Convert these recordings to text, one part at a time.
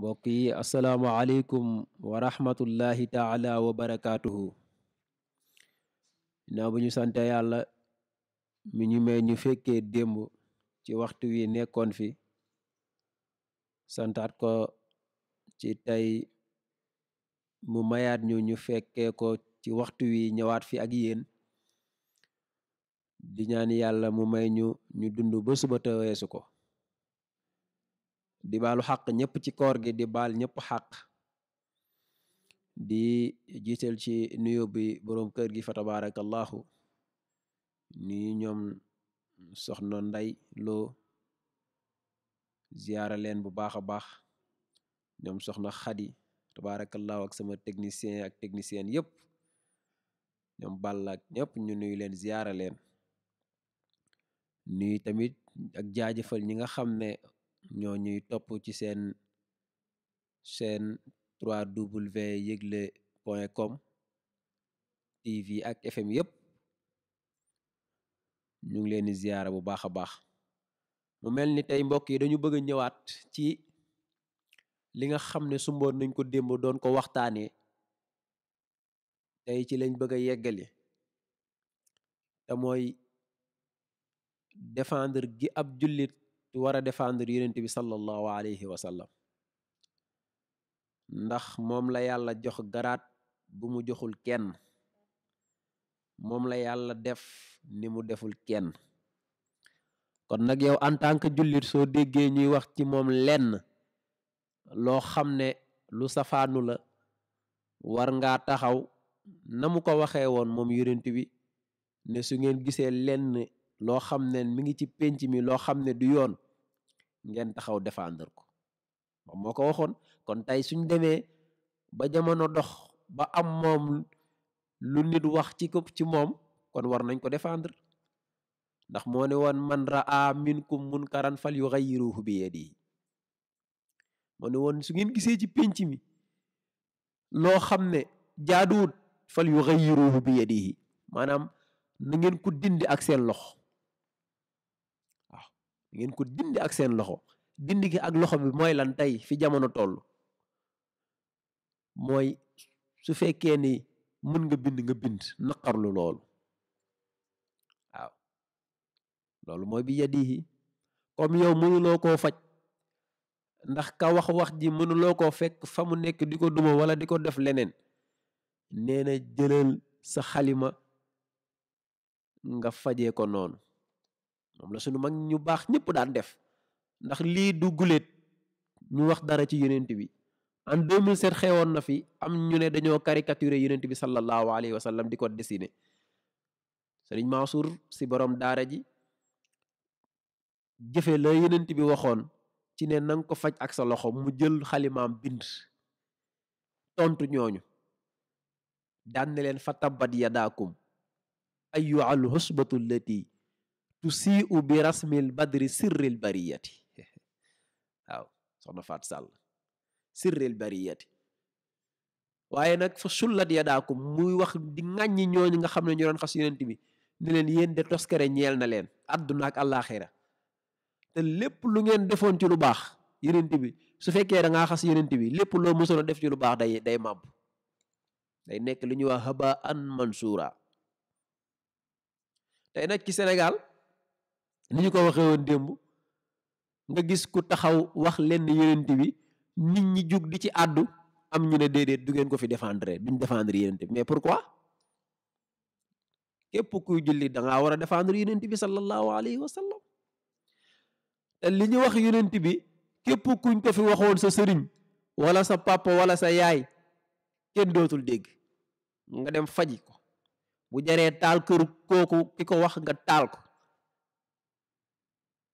mbokk yi asalaamaaleykum wa rahmatullahi taala wa barakaatuhu naa bu ñu sante yàlla mi ñu may ñu fekke démb ci waxtu wi nekkoon fi santaat ko ci tay mu mayaat ñu ñu fekkee ko ci waxtu wi ñëwaat fi ak yéen di ñaan yàlla mu may ñu ñu dund ba suba te weesu ko di baalu xàq ñëpp ci koor gi di baal ñëpp xàq di jiital ci nuyo bi boroom kër gi fa tabarakallahu ni ñoom soxna nday loo ziyaara leen bu baax a baax ñoom soxna xadi tabarakallahu ak sama technicien ak technicien yëpp ñoom bàll ak ñëpp ñu nuyu leen ziyaara leen nuyu tamit ak jaajëfal ñi nga xam ne ñoo ñuy topp ci seen seen 3w yëgle point com tv ak fm yépp ñu ngi leen di ziyaara bu baax a baax mu mel ni tey mbokk yi dañu bëgg ñëwaat ci li nga xam ne sumboon nañ ko démb doon ko waxtaane tey ci lañ bëgg a yeggali te mooy défendre gi ab jullit war a défendre yonent bi sallallahu alayhi wa sallam ndax moom la yàlla jox garaat bu mu joxul kenn moom la yàlla def ni mu deful kenn kon nag yow en tant que jullit soo déggee ñuy wax ci moom lenn loo xam ne lu safaanu la war ngaa taxaw na mu ko waxee woon moom yonent bi ne su gisee lenn loo xam ne mi ngi ci penc mi loo xam ne du yoon ngeen taxaw defendre ko moom moo ko waxoon kon tey suñ demee ba jamono dox ba am moom lu nit wax ci ko ci moom kon war nañ ko defendre ndax moo ne woon man raa minkum munkaran fal yughayyiruhu bi yadihi moo ne woon su ngeen gisee ci penc mi loo xam ne jaaduwut fal yughayyiruhu bi yadihi maanaam na ngeen ko dindi ak seen loxo ngeen ko dindi ak seen loxo dindi gi ak loxo bi mooy lan tey fi jamono toll mooy su fekkee ni mën nga bind nga bind naqarlu loolu waaw loolu mooy bi yadihi comme yow mënuloo koo faj ndax ka wax wax ji mënuloo koo fekk fa mu nekk di ko duma wala di ko def leneen neena na sa xalima nga faje ko noonu moom la suñu mag ñu baax ñëpp daan def ndax lii du guléet ñu wax dara ci yonent bi en 2007 xewoon na fi am ñu ne dañoo caricaturé yonent bi sallallahu alayhi wa sallam di ko dessiné sëriñ Mansour si borom daara ji jëfe la yonent bi waxoon ci ne nanga ko faj ak sa loxo mu jël xalimaam bind tontu ñooñu daan ne leen fa tabbat yadaakum ayu al husbatu lati tusii'u bi rasmil badri sirril bariyati waaw soxna Faat Sall sirril bariyati waaye nag fa sullat yadaakum muy wax di ŋàññi ñooñu nga xam ne ñu doon xas yonent bi ne leen yéen de toskare ñeel na leen addunaak ak àllaaxira te lépp lu ngeen defoon ci lu baax yeneen bi su fekkee da ngaa xas yeneen bi lépp loo mësoon a def ci lu baax day day màbb day nekk lu ñuy wax haba an mansura tey nag ci Sénégal ni ñu ko waxee woon démb nga gis ku taxaw wax lenn yonent bi nit ñi jug di ci àddu am ñu ne déedéet du ngeen ko fi défendre duñ défendre yonent bi mais pourquoi képp kuy julli da war a défendre yonent bi sallallahu alayhi wa sallam te li ñu wax yonent bi képp kuñ ko fi waxoon sa sëriñ wala sa papa wala sa yaay kenn dootul dégg nga dem faj ko bu jaree taal kër kooku ki ko wax nga taal ko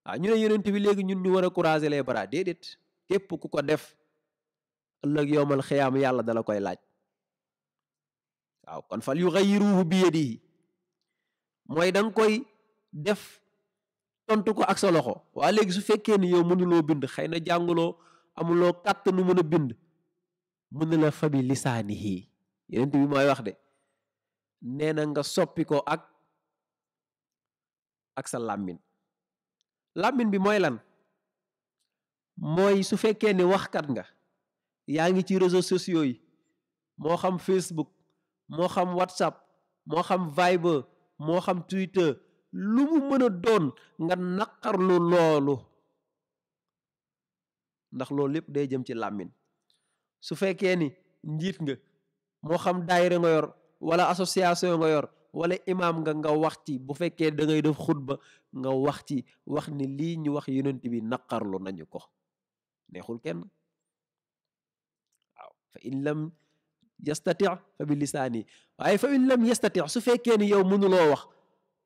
ah ñu ne yonent bi léegi ñun ñu war a croiser les bras déedéet képp ku ko def ëllëg yowmal xiyaam yàlla dala koy laaj waaw kon fal yughayyiruhu bi yadihi mooy da koy def tont ko ak sa loxo waa léegi su fekkee ni yow mënuloo bind xay na jànguloo amuloo katt nu mën a bind mën na la fa bi lisaanihi yonent bi mooy wax de nee na nga soppi ko ak ak sa làmmin làmmiñ bi mooy lan mooy su fekkee ni waxkat nga yaa ngi ci réseaux sociaux yi moo xam Facebook moo xam WhatsApp moo xam Viber moo xam Twitter lu mu mën a doon nga naqarlu loolu ndax loolu lépp day jëm ci làmmiñ su fekkee ni njiit nga moo xam daayira nga yor wala association nga yor wala imaam nga nga wax ci bu fekkee dangay ngay def xutba nga wax ci wax ni lii ñu wax yonent bi naqarlu nañu ko neexul kenn waaw fa in lam yastati fa bi lisaani waaye fa in lam yastati su fekkee ni yow mënuloo wax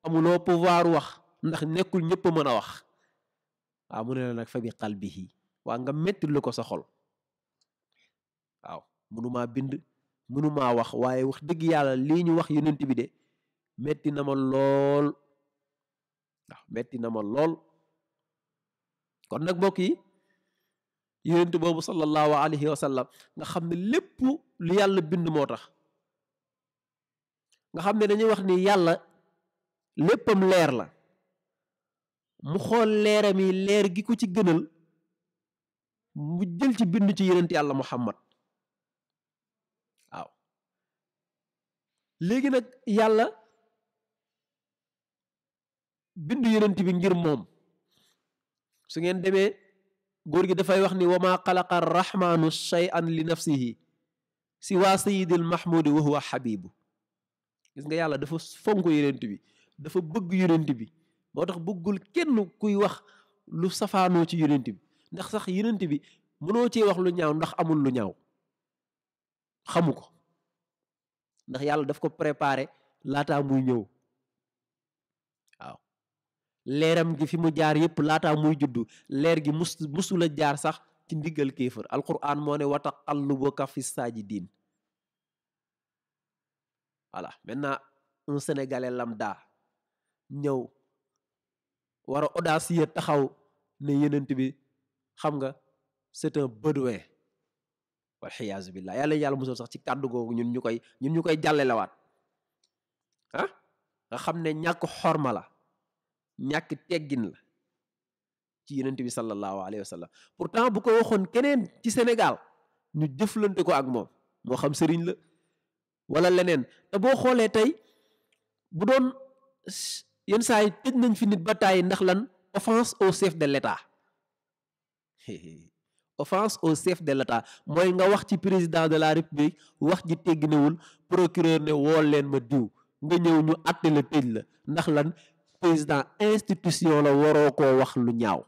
amuloo pouvoir wax ndax nekkul ñëpp mën a wax waaw mu ne la nag fa bi qalbihi waa metti lu ko sa xol waaw mënumaa bind wax waaye wax dëgg yàlla lii ñu wax yonent bi de metti na ma lool waaw metti na ma lool kon nag mbokk yi yonent boobu sallallahu alayhi wa sallam nga xam ne lépp lu yàlla bind moo tax nga xam ne dañuy wax ni yàlla léppam leer la mu xool leeram yi leer gi ko ci gënal mu jël ci bind ci yonent yàlla muhammad waaw léegi nag yàlla bind yonent bi ngir moom su ngeen demee góor gi dafay wax ni wa maa xalaqa arrahmanu shay'an li nafsihi si waa sayidil mahmudi wa huwa xabibu gis nga yàlla dafa fonk yonent bi dafa bëgg yonent bi moo tax bëggul kenn kuy wax lu safaanoo ci yonent bi ndax sax yonent bi mënoo cee wax lu ñaaw ndax amul lu ñaaw xamu ko ndax yàlla daf ko préparé laataa muy ñëw leeram gi fi mu jaar yëpp laata muy juddu leer gi mus musula jaar sax ci ndiggal kéefër alquran moo ne wa taqallubaka fi saajidin voilà maintenant un sénégalais lamda ñëw war a audacieux taxaw ne yenent bi xam nga c'est un bédouin walxiyaasu billah yàlla yàlla musal sax ci kàddu googu ñun ñu koy ñun ñu koy jàlle lawaat ah nga xam ne ñàkk xorma ñàkk teggin la ci yonent bi sallallahu alayhi wa sallam pourtant bu ko waxoon keneen ci Sénégal ñu jëflante ko ak moom moo xam sëriñ la wala leneen te boo xoolee tey bu doon yenn saa yi tëj nañ fi nit ba tàyyi ndax lan offense au chef de l'État offense au chef de l'État mooy nga wax ci président de la République wax ji tegginewul procureur ne woo leen ma diw nga ñëw ñu àtte la tëj la ndax lan président institution la waroo koo wax lu ñaaw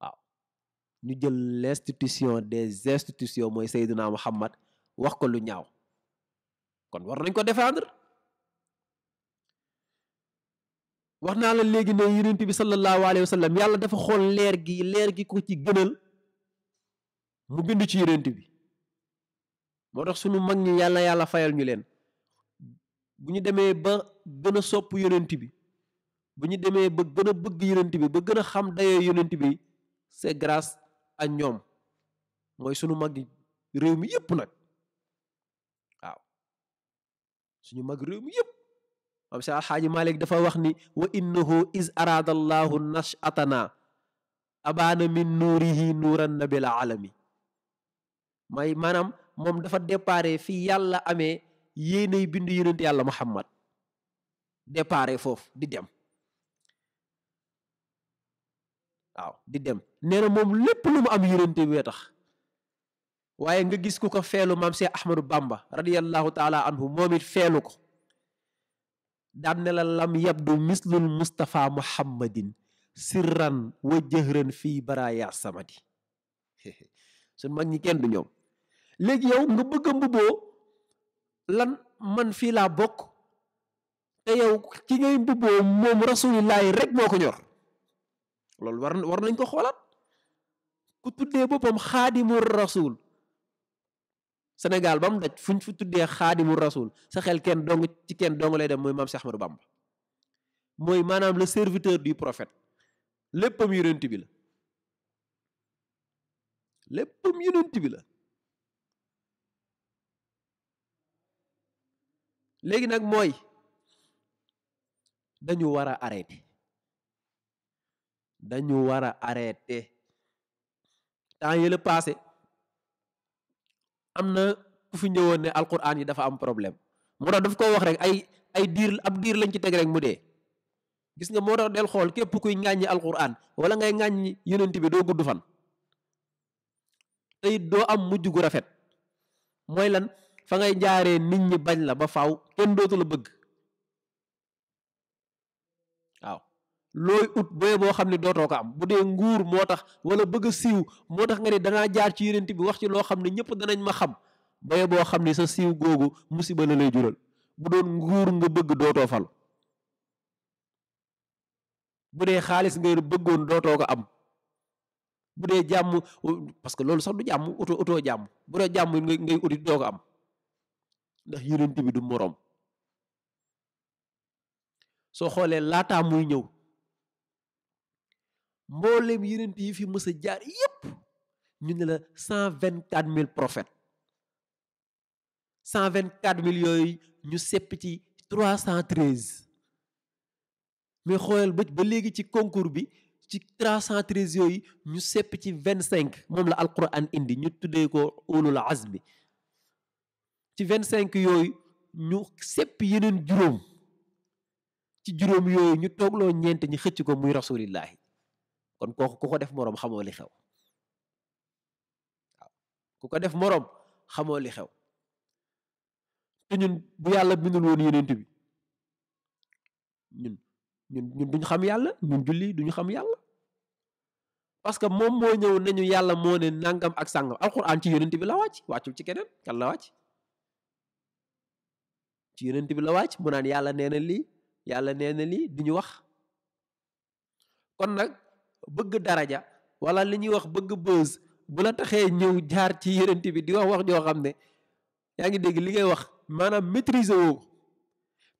waaw ñu jël l'institution des institutions mooy Seydina Muhammad wax ko lu ñaaw kon war nañ ko défendre wax naa la léegi ne yonent bi sallallahu alayhi wa yàlla dafa xool leer gi leer gi ko ci gënal mu bind ci yonent bi moo tax sunu mag ñi yàlla yàlla fayal ñu leen bu ñu demee ba gën sopp yonent bi bu ñu demee ba gën a bëgg yonent bi ba gën a xam dayoo yonent bi c'est grâce à ñoom mooy sunu mag réew mi yëpp nag waaw suñu mag réew mi yëpp am sa alxaaji Malik dafa wax ni wa innahu is araada allahu nashatana abaana min nuurihi nuuran nabil alami may maanaam moom dafa déparé fi yàlla amee yéenay bindu yonent yàlla Muhammad déparé foofu di dem dem nee na moom lépp lu mu am yërënte bee tax waaye nga gis ku ko feelu maam Cheikh Ahmadou Bamba radiyallahu taala anhu moom feelu ko daan ne la lam yabdu mislul Mustafa Muhammadin sirran wa jëhran fii baraya samadi suñ mag ñi kenn du ñoom léegi yow nga bëgg a mbubboo lan man fii laa bokk te yow ki ngay mbubboo moom rasulillahi rek moo ko ñor loolu war war nañ ko xoolaat ku tuddee boppam xaadimu rasul senegal ba mu daj fuñ fu tuddee xaadimu rasul sa xel kenn dong ci kenn dong lay dem mooy maam Cheikh Ahmadou Bamba mooy maanaam le serviteur du prophète léppam yonent bi la léppam yonent bi la léegi nag mooy dañu war a arrêté dañu war a arrêté temps yële passé am na ku fi ñëwoon ne alquran yi dafa am problème moo tax daf koo wax rek ay ay diir ab diir lañ ci teg rek mu dee gis nga moo tax del xool képp kuy ŋàññi alquran wala ngay ŋàññi yonent bi doo gudd fan tey doo am mujj gu rafet mooy lan fa ngay jaaree nit ñi bañ la ba faw kenn dootu la bëgg looy ut booy boo xam ne dootoo ko am bu dee nguur moo tax wala bëgg a siiw moo tax nga ne danaa jaar ci yonent bi wax ci loo xam ne ñëpp danañ ma xam booy boo xam ne sa siiw googu musiba la lay jural bu doon nguur nga bëgg dootoo fal bu dee xaalis nga bëggoon dootoo ko am bu dee jàmm parce que loolu sax du jàmm oto oto jàmm bu dee jàmm ngay ngay uti doo am ndax yonent bi du moroom soo xoolee laataa muy ñëw. mboolem yeneen yi fi mës a jaar yépp ñu ne la cent vingt quatre mille prophètes cent vingt quatre mille yooyu ñu sepp ci trois cent treize. mais xoolal ba ba léegi ci concours bi ci trois cent yooyu ñu sepp ci vingt cinq moom la alquran indi ñu tuddee ko ulul azmi ci vingt cinq yooyu ñu sepp yeneen juróom ci juróom yooyu ñu toogloo ñeent ñi xëcc ko muy rasulillahi kon kooku ku ko def moroom xamoo li xew ku ko def moroom xamoo li xew te ñun bu yàlla bindul woon yonent bi ñun ñun ñun duñ xam yàlla ñun julli duñu xam yàlla parce que moom moo ñëw nañu yàlla moo ne nangam ak sàngam alquran ci yonent bi la wàcc wàccul ci keneen kan la wàcc ci yonent bi la wàcc mu yàlla nee na lii yàlla nee na lii duñu wax kon nag bëgg daraja wala li ñuy wax bëgg buzz bula la taxee ñëw jaar ci yërënt bi di wax wax joo xam ne yaa ngi dégg li ngay wax maanaam maîtriser woo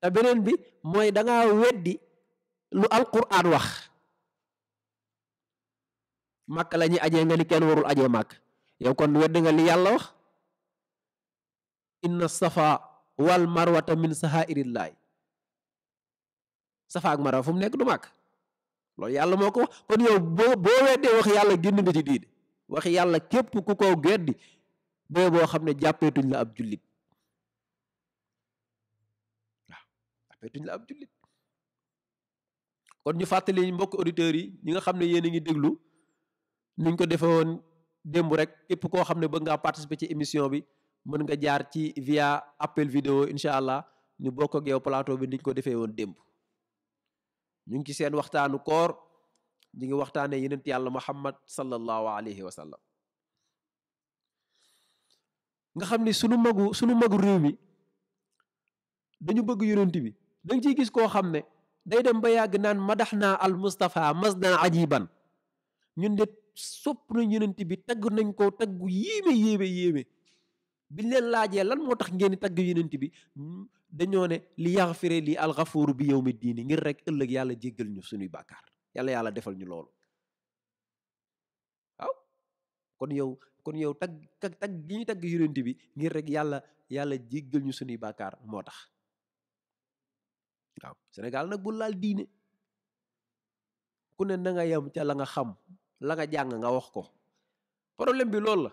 te beneen bi mooy danga ngaa weddi lu alquran wax màkk la ñuy ajee nga ni kenn warul ajee màkk yow kon weddi nga li yàlla wax inna safa wal marwata min sahairillahi safa ak marwa fu mu nekk du màkk loolu yàlla moo ko wax kon yow boo boo weddee wax yàlla génn nga ci diine wax yàlla képp ku ko geddi boo boo xam ne jàppeetuñ la ab jullit waaw jàppeetuñ la ab jullit kon ñu fàttali mbokk auditeurs yi ñi nga xam ne yéen a ngi déglu niñ ko defee woon démb rek képp koo xam ne bëgg ngaa participer ci émission bi mën nga jaar ci via appel vidéo incha allah ñu bokk ak yow plateau bi niñ ko defee woon démb ñu ngi ci seen waxtaanu koor ñu ngi waxtaanee yenent yàlla muhammad sallallahu alayhi wa nga xam ni sunu magu sunu magu réew mi dañu bëgg yonent bi dañ nga ciy gis koo xam ne day dem ba yàgg naan naa al mustafa mas naa ajiban ñun de sopp nañ yonent bi tagg nañ ko taggu yéeme yéeme yéeme leen laajee lan moo tax ngeen tagg yonent bi dañoo ne li fire li alxafuuru bi yawmi diini ngir rek ëllëg yàlla jéggal ñu suñuy bàkkaar yàlla yàlla defal ñu loolu waaw kon yow kon yow tag tag tag gi ñu tagg yonent bi ngir rek yàlla yàlla jéggal ñu suñuy bàkkaar moo tax waaw Sénégal nag bu laal diine ku ne na nga yem ca la nga xam la nga jàng nga wax ko problème bi loolu la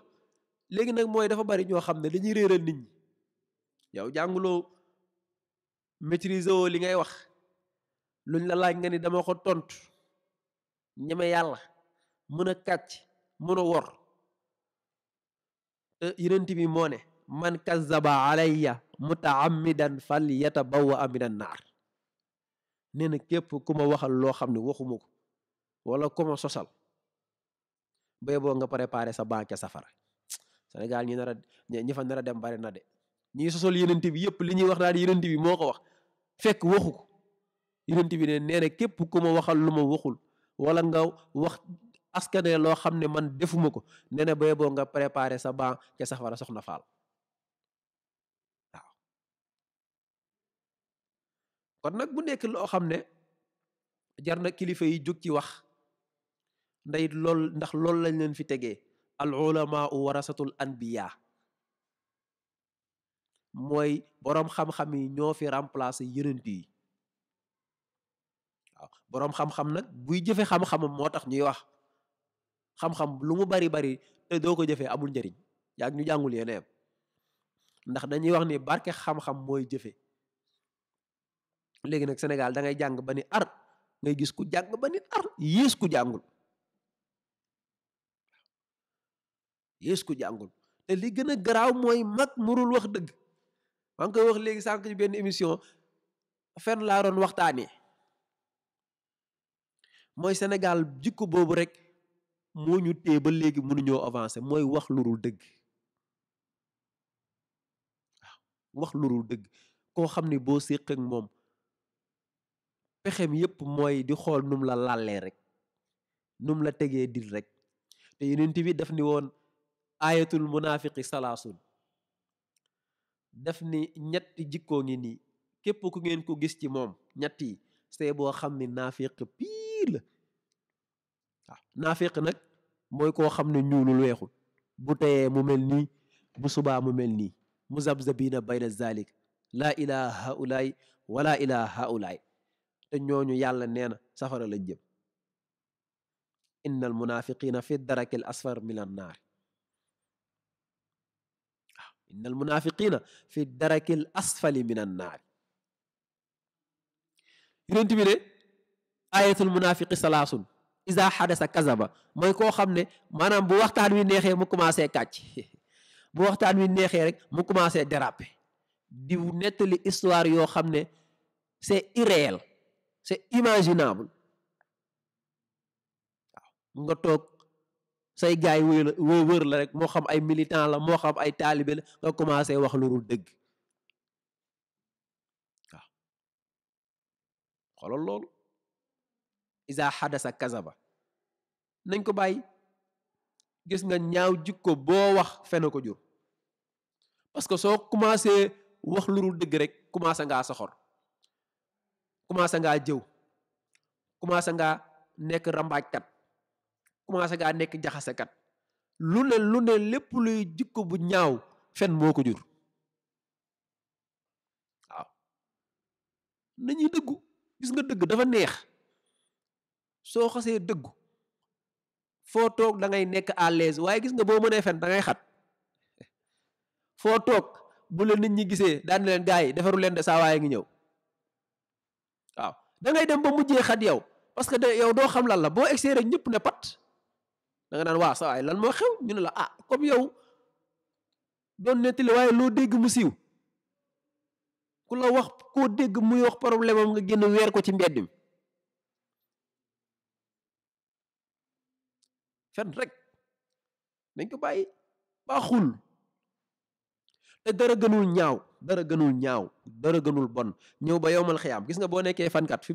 léegi nag mooy dafa bari ñoo xam ne dañuy réeral nit ñi yow jànguloo maîtriser woo li ngay wax luñ la laaj nga ni dama ko tontu ñeme yàlla mën a kàcc mën a wor te eh, moone man moo ne man kazzaba alayya mutaammidan fal a minan naar nee na képp ku ma waxal loo xam ne waxumu ko wala ku ma sosal bay boo nga préparé sa banque safara Sénégal ñi nar a fa nar dem bari na de ñii sosol yenent bi yëpp li ñuy wax daal yenent bi moo ko wax fekk waxu ko yenent bi ne nee képp ku ma waxal lu ma waxul walla nga wax askane loo xam ne man defuma ko nee na bay boo nga préparé sa ban ca safara soxna faal waaw kon nag bu nekk loo xam ne jar na kilifa yi jóg ci wax ndayit lool ndax loolu lañ leen fi tegee al ulama warasatul anbiya mooy borom xam-xam yi ñoo fi remplacer yonent yi waaw borom xam-xam nag buy jëfe xam-xamam moo tax ñuy wax xam-xam lu mu bari bari te doo ko jëfee amul njariñ yaag ñu jàngul yenee ndax dañuy wax ni barke xam-xam mooy jëfe léegi nag senegal da ngay jàng ba ni ar ngay gis ku jàng ba ni ar yées ku jàngul yées ku jàngul te li gën a garaaw mooy mag murul wax dëgg maa ngi koy wax léegi sànq ci benn émission fenn laaroon doon waxtaanee mooy Sénégal jikko boobu rek moo ñu téye ba léegi mënuñoo avancer mooy wax lu dul dëgg waaw wax lu dëgg koo xam ni boo séq ak moom pexem yépp mooy di xool num la làllee rek num la tegee dil rek te yeneen bi def ni woon ayatul munaafiqi salaasun daf ni ñetti jikkoo ngi nii képp ku ngeen ko gis ci moom ñetti yi see boo xam ni naafiq piir la waaw nag mooy koo xam ne ñuulul weexul bu teyee mu mel ni bu subaa mu mel nii muzabzabina bayna zalik laa ilaa haulaay wala ilaa haulaay te ñooñu yàlla nee na safara lañ jëm inna al munafiqina fi darakil asfar min an naar inna al munafiqina fi darakil asfali min an naari yonent bi ne ayatul munafiqi salaasun isa xadasa kazaba mooy koo xam ne maanaam bu waxtaan wi neexee mu commencé kàcc bu waxtaan wi neexee rek mu commencé déraper diw nettli histoire yoo xam ne c'est irréel c'est nga toog say gars yi wër la wër la rek moo xam ay militant la moo xam ay taalibe la nga commencé wax lu dul dëgg waaw xoolal loolu isa xadasa kazaba nañ ko bàyyi gis nga ñaaw jikko boo wax fena ko jur parce que soo commencé wax lu dul dëgg rek commencé ngaa soxor commencé ngaa jëw commencé ngaa nekk rambaajkat commencé ngaa nekk jaxasekat lu ne lu ne lépp luy jikko bu ñaaw fen moo ko jur waaw nañuy dëggu gis nga dëgg dafa neex soo xasee dëggu foo toog da ngay nekk à l'aise waaye gis nga boo mënee fen da ngay xat foo toog bu la nit ñi gisee daan leen gars yi defaru leen de saawaay a ngi ñëw waaw da ngay dem ba mujjee xat yow parce que de yow doo xam lan la boo egsee rek ñëpp ne pat da nga naan waa sa waay lan moo xew ñu ne la ah comme yow doon nettali waaye loo dégg mu siiw ku la wax koo dégg muy wax problème am nga génn weer ko ci mbedd mi fen rek dañ ko bàyyi baaxul te dara gënul ñaaw dara gënul ñaaw dara gënul bon ñëw ba yowmal xiyaam gis nga boo nekkee fankat fi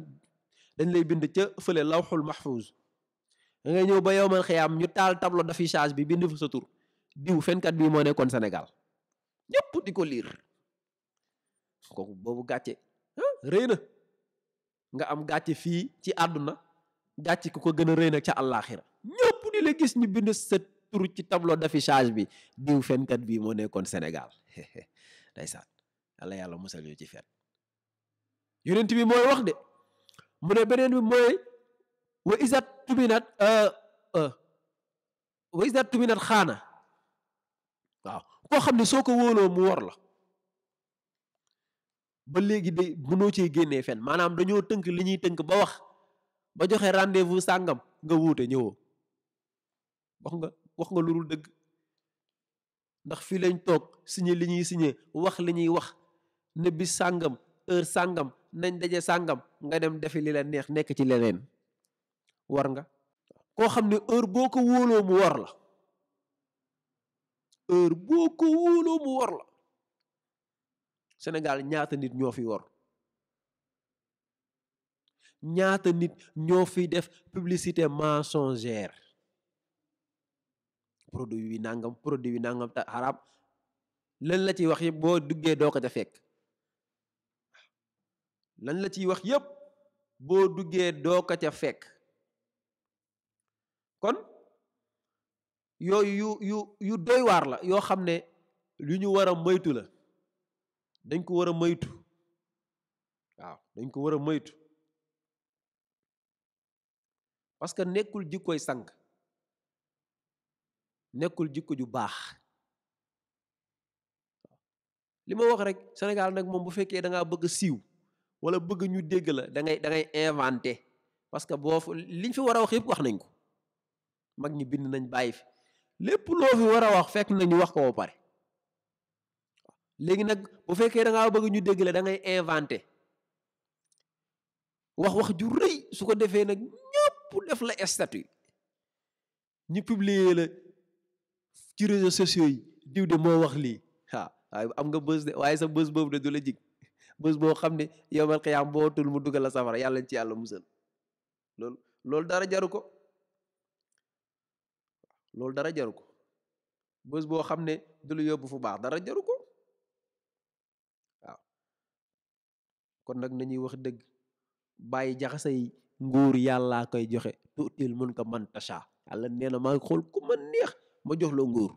dañ lay bind ca fële lawxul mahfuz da ngay ñëw ba yow man xëyaam ñu taal tableau d'affichage bi bind fa sa tur diw fenkat bi moo nekkoon Sénégal ñëpp di ko liir kooku boobu gàcce ah, rëy nga am gàcce fii ci àdduna gàcce ku ko gën a ca àllaaxira ñëpp di la gis ñu bind sa tur ci tableau d'affichage bi diw fenkat bii moo nekkoon Sénégal ndeysaan yàlla yàlla musal ñu ci fen yonent bi mooy wax de mu ne beneen mooy wa iza tuminat uh, uh, wa iza tuminat xaana waaw koo xam ne soo ko wóoloo mu wor la ba léegi de mënoo ci génnee fen maanaam dañoo tënk li ñuy tënk ba wax ba joxe rendez-vous sàngam nga wuute ñëwoo wax nga wax nga lu dul dëgg ndax fii lañ toog signé li ñuy signé wax li ñuy wax ne sàngam heure sàngam nañ daje sàngam nga dem defi li la neex nekk ci leneen war nga koo xam ne heure boo ko wóoloo mu war la heure boo ko wóoloo mu war la Sénégal ñaata nit ñoo fi war ñaata nit ñoo fi def publicité mensongère produit wi nangam produit bi nangam ta xaraam lan la ciy wax yëpp boo duggee doo ko ca fekk lan la ciy wax yëpp boo duggee doo ko ca fekk kon yooyu yu yu yu doy waar la yoo xam ne lu ñu war a moytu la dañ ko war a moytu waaw dañ ko war a moytu parce que nekkul jikkoy sang nekkul jikko ju baax li ma wax rek Sénégal nag moom bu fekkee danga bëgg siiw wala bëgg ñu dégg la dangay ngay da ngay inventé parce que boo liñ fi war a wax yëpp wax nañ ko mag ñi bind nañ bàyyi fi lépp loo fi war a wax fekk nañu wax ko ba pare léegi nag bu fekkee da ngaa bëgg ñu dégg la da ngay inventé wax wax jur rëy su ko defee nag ñëpp def la statut ñu publier la ci réseaux sociaux yi diw de moo wax lii waaw waaye am nga bës de waaye sa bës boobu de du la jig bës boo xam ne yow mal xiyaam boo tul mu dugal la safara yàlla ci yàlla musal loolu dara jaru loolu dara jaru ko bés boo xam ne du lu yóbbu fu baax dara jaru ko waaw kon nag nañuy wax dëgg bàyyi jaxasay nguur yàllaa koy joxe tuutil mun ko man tasha yàlla nee na maa xool ku neex ma jox la nguur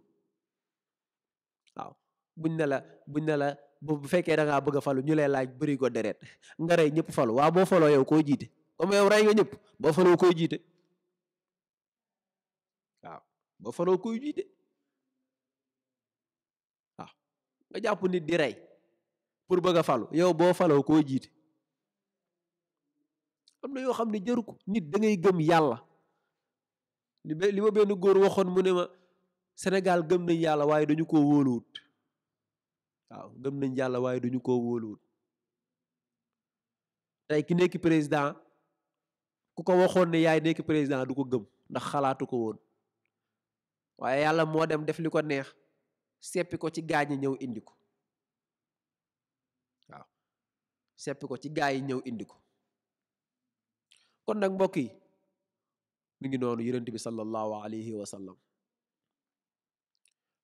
waaw buñ ne la buñ ne la bu fekkee dangaa ngaa bëgg a falu ñu lay laaj bëri ko deret nga ñëpp falu waaw boo faloo yow koo jiite comme yow rey nga ñëpp boo faloo koo jiite ba fanoo koy jiite waaw nga jàpp nit di rey pour bëgg a falu yow boo faloo koo jiite am na yoo xam ne jëru ko nit da ngay gëm yàlla li li benn góor waxoon mu ne ma senegal gëm nañ yàlla waaye dañu koo wóoluwut waaw gëm nañ yàlla waaye dañu koo wóoluwut tey ki nekki président ku ko waxoon ne yaay nekk président du ko gëm ndax xalaatu ko woon waaye yàlla moo dem def li ko neex seppi ko ci gaa ñi ñëw indi ko waaw seppi ko ci gaa yi ñëw indi ko kon nag mbokk yi mi ngi noonu yonent bi sallallahu alayhi wa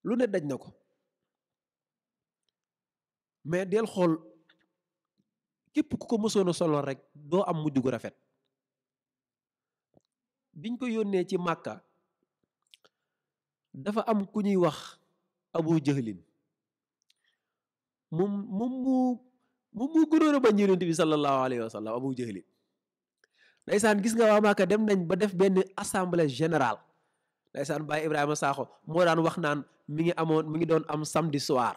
lu ne daj na ko mais del xool képp ku ko mësoon a solo rek doo am mujj gu rafet biñ ko yónnee ci màkka dafa am ku ñuy wax abu jahlin moom mu moom mu gënoon a bañ yonent bi sallallahu alayhi wa abu jahlin ndaysaan gis nga waa Màkka dem nañ ba def benn assemblée générale ndaysaan baay Ibrahima Sakho moo daan wax naan mi ngi amoon mi ngi doon am samdi soir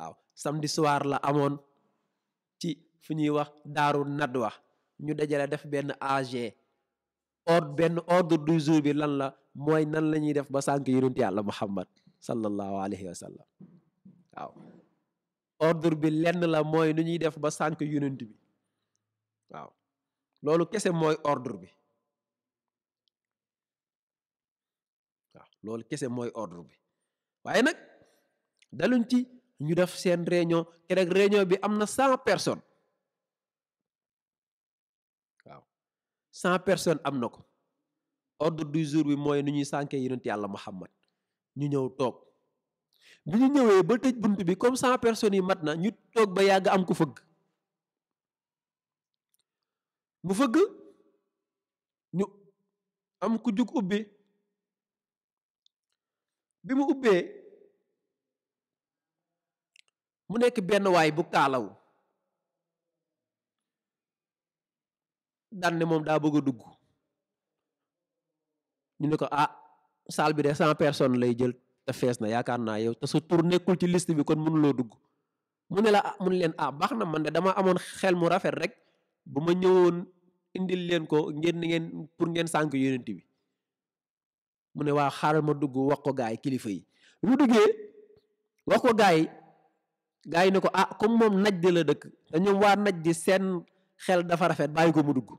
waaw samdi soir la amoon ci fu ñuy wax daaru nad nadwa ñu dajale def benn AG ordre benn ordre du jour bi lan la mooy nan la ñuy def ba sànk yonent yàlla muhammad sallallahu alayhi wa sallam waaw ordre bi lenn la mooy nu ñuy def ba sànk yonent bi waaw kese mooy ordre bi waaw loolu kese mooy ordre bi waaye nag daluñ ci ñu def seen réunion keroog réunion bi am na cent personnes cent personnes am na ko ordre du jour bi mooy nu ñuy sànkee yonent yàlla Muhammad ñu ñëw toog bi ñu ñëwee ba tëj bunt bi comme cent personnes yi mat na ñu toog ba yàgg am ko fëgg mu fëgg ñu am ku jug ubbi bi mu ubbee mu nekk benn waay bu kaalaw daan ne moom daa bëgg a dugg ñu ne ko ah salle bi de cent personne lay jël te fees na yaakaar naa yow te sa tur nekkul ci liste bi kon loo dugg mu ne la ah mu ne leen ah baax na man de dama amoon xel mu rafet rek bu ma ñëwoon indi leen ko ngeen ni ngeen pour ngeen sànk yonent bi mu ne waa xaaral ma dugg wax ko gaay kilifa yi mu duggee wax ko gaay gaay ne ko ah comme moom naj di la dëkk te ñoom waa naj di seen xel dafa rafet bàyyi ko mu dugg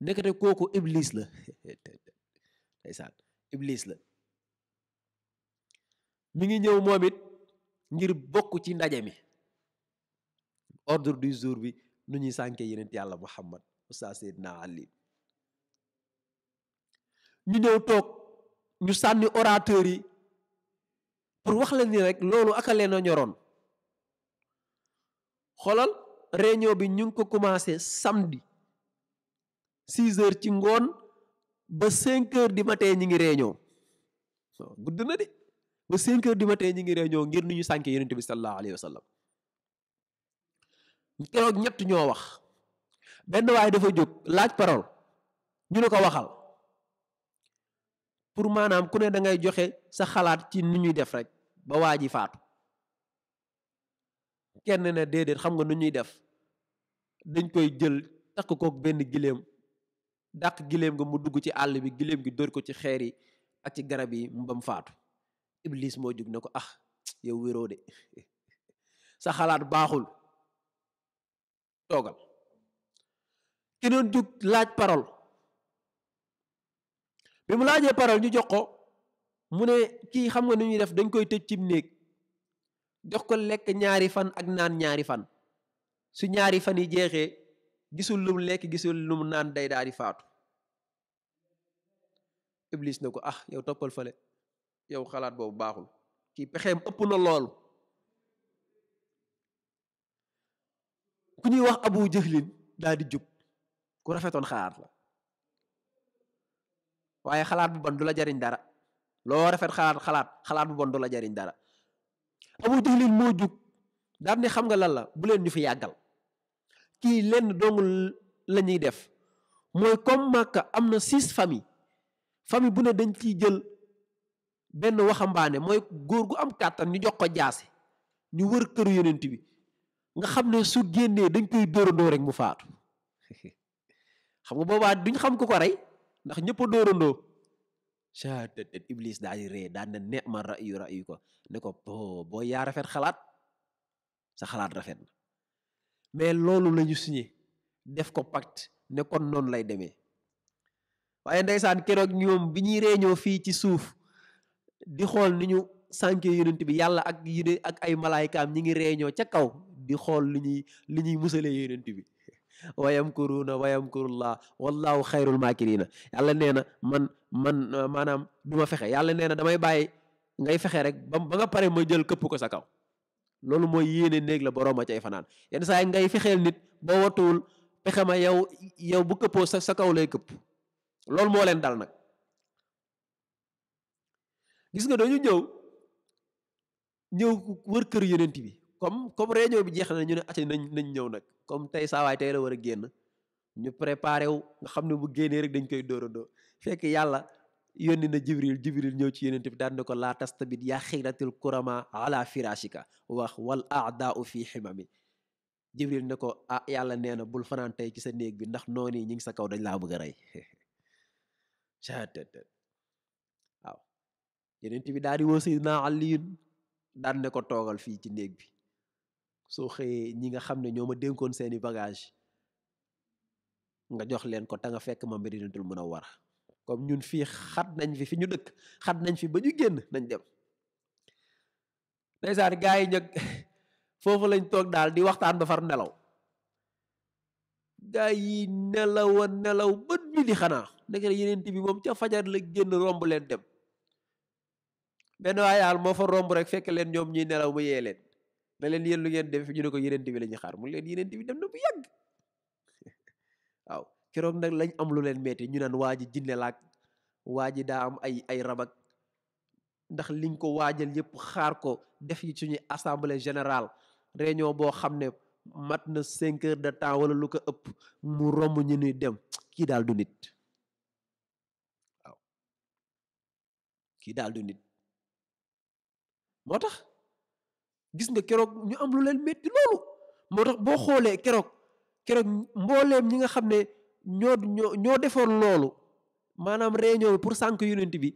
ndekete kooku iblis la ndeysaan iblis la mu ngi ñëw moom ngir bokk ci ndaje mi ordre du jour bi nu ñuy sànkee yeneen yàlla muhammad oustaz na ali ñu ñëw toog ñu sànni orateur yi pour wax la rek loolu aka leen a ñoroon xoolal réunion bi ñu ngi ko commencé samedi six heures ci ngoon ba cinq heures du matin ñi ngi réunion gudd na de ba cinq di du matin ñi ngi réunion ngir nu ñu sànkee yonent bi sallallahu alayhi wa sallam keroog ñett ñoo wax benn waaye dafa jóg laaj parole ñu ne ko waxal pour maanaam ku ne da ngay joxe sa xalaat ci ni ñuy def rek ba waa ji faatu kenn ne déedéet xam nga nu ñuy def dañ koy jël takk kook benn giléem dàq giléem nga mu dugg ci àll bi giléem gi dóor ko ci xeer yi ak ci garab yi mu faatu iblis moo jug na ko ah yow wéroo de sa xalaat baaxul toogal ki doon jug laaj parole bi mu laajee parole ñu jox ko mu ne kii xam nga nu ñuy def dañ koy tëj cib néeg jox ko lekk ñaari fan ak naan ñaari fan su ñaari fan yi jeexee gisul lum lekk gisul lum naan day daal faatu iblis na ko ah yow toppal fale yow xalaat boobu baaxul kii pexeem ëpp na lool ku ñuy wax abu jëxlin daal di jub ku rafetoon xalaat la waaye xalaat bu bon du jariñ dara loo rafet xalaat xalaat xalaat bu bon du la jariñ dara abu jahlin moo jug daal ne xam nga lan la bu leen ñu fi yàggal kii lenn dong la ñuy def mooy comme Màkka am na six famille famille bu ne dañ ciy jël benn waxambaane mooy góor gu am kàttan ñu jox ko jaasi ñu wër kër yonent bi nga xam ne su génnee dañ koy dóorandoo rek mu faatu xam nga boobaa duñ xam ku ko rey ndax ñëpp a dóorandoo caa tët Iblis daal di ree daal di ne ma rayu rayu ko ne ko boo boo yaa rafet xalaat sa xalaat rafet na mais loolu la ñu def ko pacte ne kon noonu lay demee waaye ndeysaan keroog ñoom bi ñuy réñoo fii ci suuf di xool ni ñu sànkee yonent bi yàlla ak yéen ak ay malaaykaam ñi ngi réñoo ca kaw di xool li ñuy li ñuy musalee yonent bi. wa yamkuruuna wa yamkurullah wallahu xayrul maakirina yàlla nee na man man euh, maanaam du ma fexe yàlla nee na damay bàyyi ngay fexe rek ba ba nga pare ma jël këpp ko sa kaw loolu mooy yéene néeg la boroom a cay fanaan yenn saa ngay fexeel nit boo wattuwul pexe ma yow yow bu këppoo sa sa kaw lay këpp loolu moo leen dal nag gis nga dañu ñëw ñëw wër kër yonent bi comme comme réunion bi jeex na ñu ne ate nañ nañ ñëw nag comme tey saa tey la war a génn ñu préparé wu nga xam ne bu génnee rek dañ koy dóorandoo fekk yàlla yónni na jibril jibril ñëw ci yonent bi daan ne ko laa tastabit yaa xiratil kurama ala firashika wax wal ko ah, yàlla nee na bul fanaan tey ci sa néeg bi ndax noonu ñi ngi sa kaw dañ laa bëgg a rey waaw yonent bi daal ne ko toogal fii ci néeg bi soo xëyee ñi nga xam ne ñoo ma dénkoon seeni bagage nga jox leen ko ta nga fekk ma a war comme ñun fii xat nañ fi fi ñu dëkk xat nañ fi ba ñu génn nañ dem ndeysaan gars yi ñag foofu lañ toog daal di waxtaan ba nelaw gars yi nelawa nelaw bët bi di xanaa nekk na yeneen bi moom ca fajar la génn romb leen dem benn waay daal moo fa romb rek fekk leen ñoom ñuy nelaw mu yee leen da leen yéen lu ngeen def ñu ne ko yeneen bi la ñuy xaar mu leen yeneen bi dem na bu yàgg waaw keroog nag lañ am lu leen metti ñu naan waa ji jinne waa ji daa am ay ay rabak ndax liñ ko waajal yëpp xaar ko def yi suñuy assemblée générale réunion boo xam ne mat na cinq de temps wala lu ko ëpp mu romb ñu nuy dem kii daal du nit waaw kii daal du moo tax gis nga keroog ñu am lu leen métti loolu moo tax boo xoolee keroog keroog mbooleem ñi nga xam ne ñoo ñoo defoon loolu maanaam réunion bi pour sànq yonent bi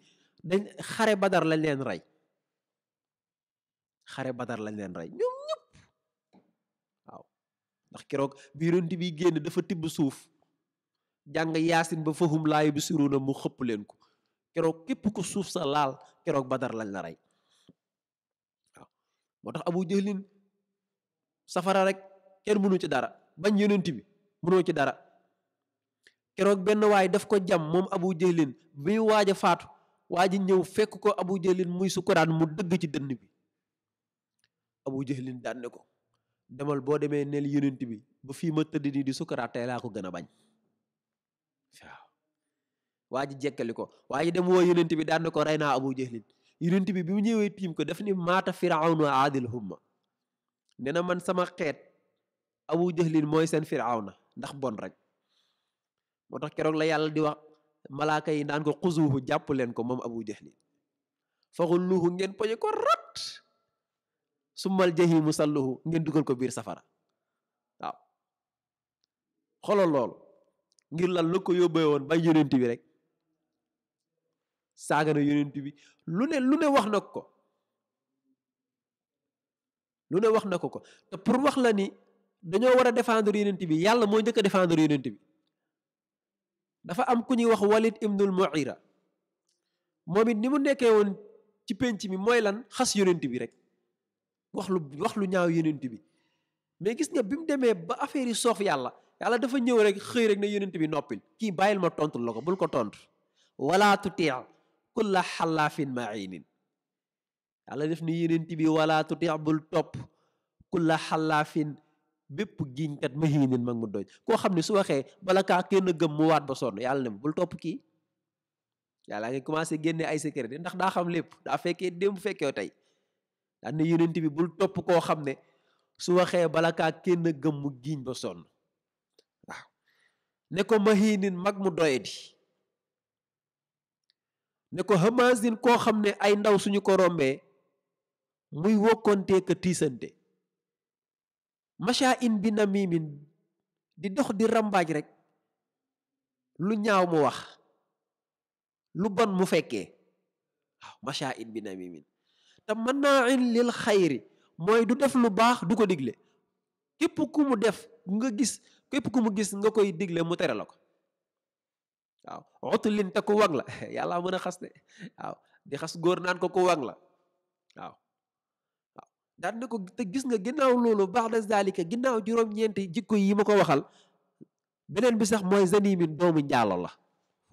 dañ xare badar lañ leen rey xare badar lañ leen rey ñoom ñëpp waaw ndax keroog bi yonent bi génn dafa tibb suuf jàng yaasin ba fahum laayu bi siruuna mu xëpp leen ko keroog képp ko suuf sa laal keroog badar lañ la rey moo tax abu jahlin safara rek kenn mënu ci dara bañ yonent bi mënoo ci dara keroog benn waay daf ko jam moom abu jahlin bi waaj a faatu waa ji ñëw fekk ko abu jahlin muy sukkuraan mu dëgg ci dënn bi abu jahlin daan ne ko demal boo demee neel yonent bi ba fii ma tëdd nii di sukkaraat tey laa ko gën a bañ waaw waa ji jekkali ko waa ji dem woo yonent bi daan ne ko rey naa abu jahlin yonent bi bi mu ñëwee tiim ko daf ni maata firawna aadil humma nee na man sama xeet abu jahlin mooy seen firawna ndax bon rek moo tax keroog la yàlla di wax malaaka yi naan ko xuzuuhu jàpp leen ko moom abu jahlin faxulluuhu ngeen poñe ko rat mu jahimu salluhu ngeen dugal ko biir safara waaw xolol loolu ngir lan la ko yóbbee woon ba yonent bi rek saaga na yonent bi lu ne lu ne wax na ko lu ne wax na ko ko te pour wax la ni dañoo war a défendre yonent bi yàlla moo njëkk a défendre yonent bi dafa am ku ñuy wax Walid ibnul Mughira moom it ni mu nekkee woon ci penc mi mooy lan xas yonent bi rek wax lu wax lu ñaaw yonent bi mais gis nga bi mu demee ba affaire yi soof yàlla yàlla dafa ñëw rek xëy rek ne yonent bi noppil kii bàyyil ma tontu la ko bul ko tontu wala tuti kulla xalaafin mainin yàlla def ni yeneen bi wala tuti' bul topp kulla xalaafin bépp giiñ giñkat mahinin mag mu dooj koo xam ne su waxee bala kaa kenn gëm mu waat ba sonn yàlla ne bul topp kii yàlla ngi commencé génne ay secret ndax daa xam lépp daa fekkee démb fekkee tey daan ne yeneen bi bul topp koo xam ne su waxee bala kaa kenn gëm mu giñ ba sonn waaw ne ko mahinin mag mu doy di ne ko hamazin koo xam ne ay ndaw suñu ko rombee muy wokkante ka tiisante macha in bi namimin di dox di rambaaj rek lu ñaaw mu wax lu bon mu fekkee waaw macha in bi namimin te mën naa in lil xayri mooy du def lu baax du ko digle képp ku mu def nga gis képp ku mu gis nga koy digle mu tere la ko waaw utulin te ku wang la yàlla mën a xas de waaw di xas góor naan ko ku wang la waaw waaw daan ko te gis nga ginnaaw loolu baax na zalika ginnaaw juróom-ñeenti jikko yi ma ko waxal beneen bi sax mooy zanimin doomu njaalo la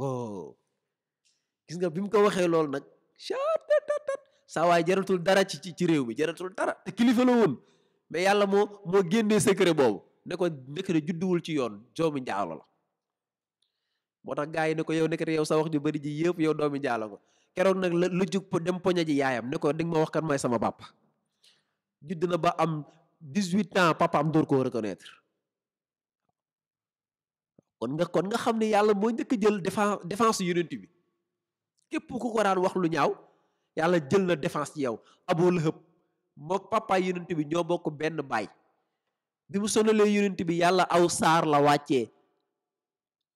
oh gis nga bi mu ko waxee loolu nag chatatatat saa waay jaratul dara ci ci réew mi jaratul dara te kilifa la woon mais yàlla moo moo génnee secret boobu ne ko nekk judduwul ci yoon doomu njaalo la moo tax gaa yi ne ko yow nekkati yow sa wax ju bëri ji yëpp yow doomi jaalo ko keroog nag la la jug dem poñe ji yaayam ne ko di nga ma wax kan mooy sama papa judd na ba am 18 ans papa am door koo reconnaître kon nga kon nga xam ne yàlla moo njëkk jël défense défense yonent bi képp ku ko daan wax lu ñaaw yàlla jël na défense ci yow Abu Lahab mook papa yonent bi ñoo bokk benn baay bi mu sonalee yonent bi yàlla aw saar la wàccee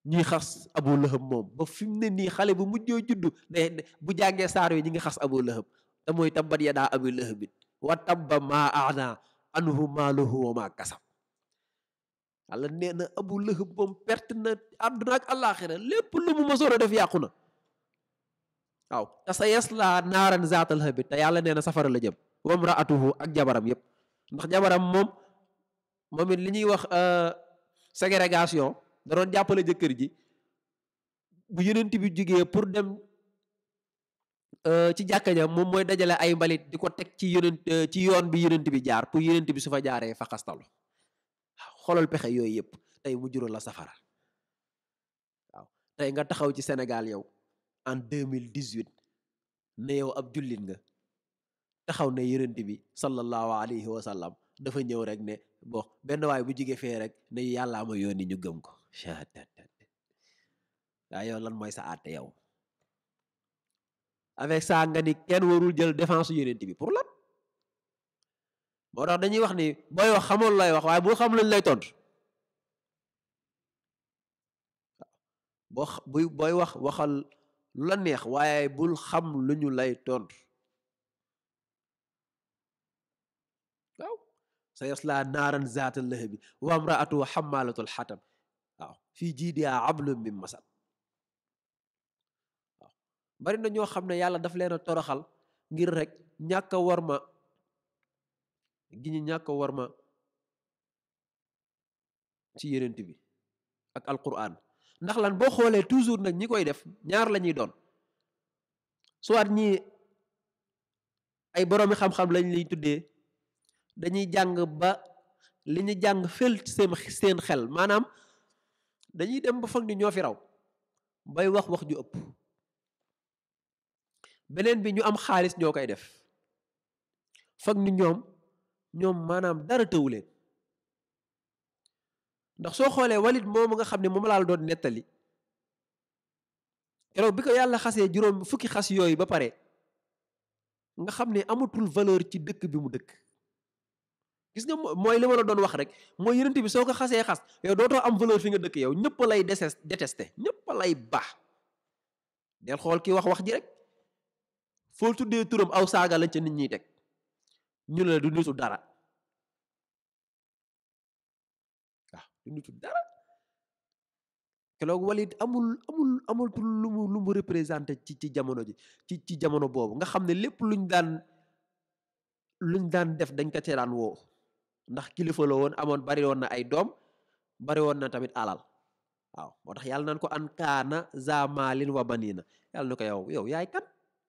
ñuy xas abu lahab moom ba fi mu ne nii xale bu mujjoo juddu day bu jàngee saar yooyu ñi xas abu lahab te mooy tabbat yadaa abi lahabin wa tabba maa aghnaa anhu maaluhu wa maa kasab Yàlla nee na abu lahab moom perte na àdduna ak àllaaxira lépp lu mu mësoon a def yàqu na waaw te sa yaslaa naaran zaatal lahabin te yàlla nee na safara la jëm wa imraatuhu ak jabaram yëpp ndax jabaram moom moom it li ñuy wax euh, ségrégation da doon jàppale jëkkër ji bu yonent bi jógee pour dem euh, ci jàkka ja moom mooy dajale ay mbalit di ko teg ci yonent euh, ci yoon bi yonent bi jaar pour yonent bi su fa jaaree fa xastalu xoolal pexe yooyu yëpp tey mu jural la safara waaw tey nga taxaw ci senegal yow en deux mille dix huit ne yow ab jullit nga taxaw ne yonent bi sallallahu alayhi wa sallam dafa ñëw rek ne bon benn waay bu jige fee rek ne yàllaa ma yónni ñu gëm ko. waaye yow lan mooy sa àtte yow avec ça nga ni kenn warul jël défense yonent bi pour lan moo tax dañuy wax ni booy wax xamoon lay wax waaye boo xam lañ lay tontu boo buy booy wax waxal lu neex waaye bul xam lu ñu lay tontu waaw sa yaslaa naaran zaata lahabi wa amraatuhu xamalatul xatab waaw fii jiidiyaa ablum min masad waaw bari na ñoo xam ne yàlla daf leen a toroxal ngir rek ñàkk a war gi ñu ñàkk a war ma ci yenent bi ak alquran ndax lan boo xoolee toujours nag ñi koy def ñaar lañuy ñuy doon soit ñi ay boroomi xam-xam lañ liy tuddee dañuy jàng ba li ñu jàng fel seen xel maanaam dañuy dem ba foog ni ñoo fi raw bay wax wax ju ëpp beneen bi ñu am xaalis ñoo koy def fag ni ñoom ñoom maanaam dara tëwu ndax soo xoolee walit moomu nga xam ne moom laal doon nettali keroog bi ko yàlla xasee juróom fukki xas yooyu ba pare nga xam ne amatul valeur ci dëkk bi mu dëkk gis nga mooy li ma la doon wax rek mooy yonent bi soo ko xasee xas yow dootoo am valeur fi nga dëkk yow ñëpp lay deses détesté ñëpp lay baax del xool ki wax wax ji rek foo tuddee turam aw saaga lañ ca nit ñiy teg ñu ne la du nitu dara waaw du nitu dara keloog Walid amul amul amatul lu mu lu mu représenté ci ci jamono ji ci ci jamono boobu nga xam ne lépp luñ daan luñ daan def dañ ko ci daan woo ndax kilifa la woon amoon bari woon na ay doom bari woon na tamit alal waaw moo tax yàlla nan ko an kaana zamaalin wa banina yàlla na ko yow yow yaay kan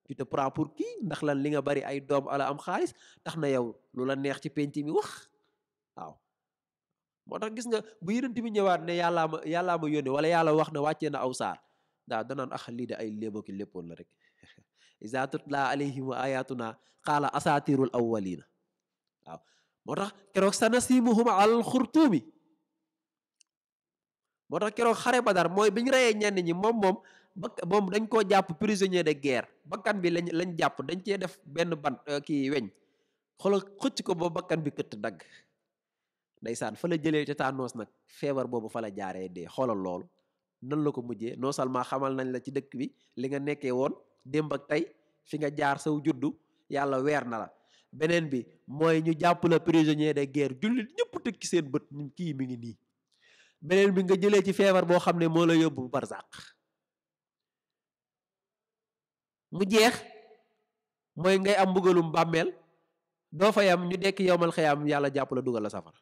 tu te prends pour qui ndax lan li nga bari ay doom ala am xaalis tax na yow lu la neex ci penc mi wax waaw moo tax gis nga bu yonent bi ñëwaat ne yàllaa ma yàllaa wala yàlla wax ne wàccee na aw saar daa danaan ah lii de ay léeboki léppoon la rek iza tutla alayhim wa ayatuna qaala asatirul awwalina waaw moo tax keroog sanasimuhum alal xurtuumi moo tax keroog xare badar mooy bi ñu reyee ñenn ñi moom moom ba moom dañ koo jàpp prisonnier de guerre bakkan bi lañ lañ jàpp dañ cee def benn ban euh, kii weñ xoolal xëcc ko ba bakkan bi këtt dagg ndeysaan fa la jëlee tétanos nag feebar boobu fa la jaaree dee xoolal loolu nan la ko mujjee non seulement xamal nañ la ci dëkk bi li nga nekkee woon démb ak tey fi nga jaar saw juddu yàlla weer na la beneen bi mooy ñu jàpp la prisonnier de guerre jullit ñëpp teg seen bët kii mi ngi nii beneen bi nga jëlee ci feebar boo xam ne moo la yóbbu barzaq mu jeex mooy ngay am mbugalum bàmmeel doo fa yam ñu dekk yowmal xëyaam yàlla jàpp la dugal la safara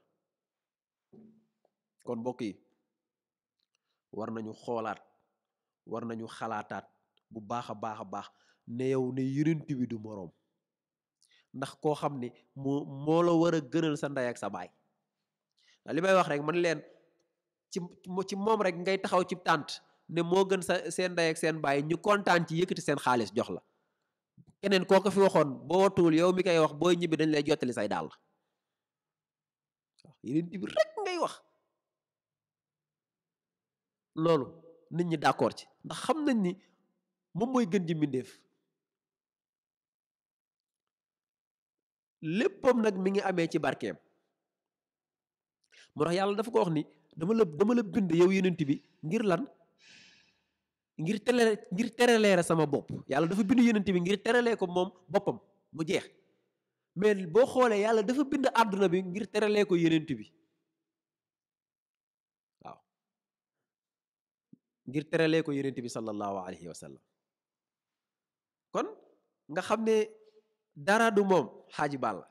kon mbokk yi war nañu xoolaat war nañu xalaataat bu baax a baax a baax ne yow ne yërënt bi du moroom ndax koo xam ne moo moo la war a gënal sa ndey ak sa baay li may wax rek man leen ci ci moom rek ngay taxaw ci tànt ne moo gën sa seen ndey ak seen baay ñu kontaan ci yëkkati seen xaalis jox la keneen koo ko fi waxoon boo watuwul yow mi kay wax booy ñibbi dañ lay jottali say daal yeneen bi rek ngay wax loolu nit ñi d'accord ci ndax xam nañ ni moom mooy gën ji mbindeef léppam nag mi ngi amee ci barkeem moo tax yàlla dafa ko wax ni dama la dama la bind yow yonent bi ngir lan ngir tele ngir tereleere sama bopp yàlla dafa bind yonent bi ngir terelee ko moom boppam mu jeex mais boo xoolee yàlla dafa bind àdduna bi ngir teralee ko yonent bi waaw ngir teralee ko yonent bi sallallahu alayhi wa kon nga xam ne dara du moom xaaji la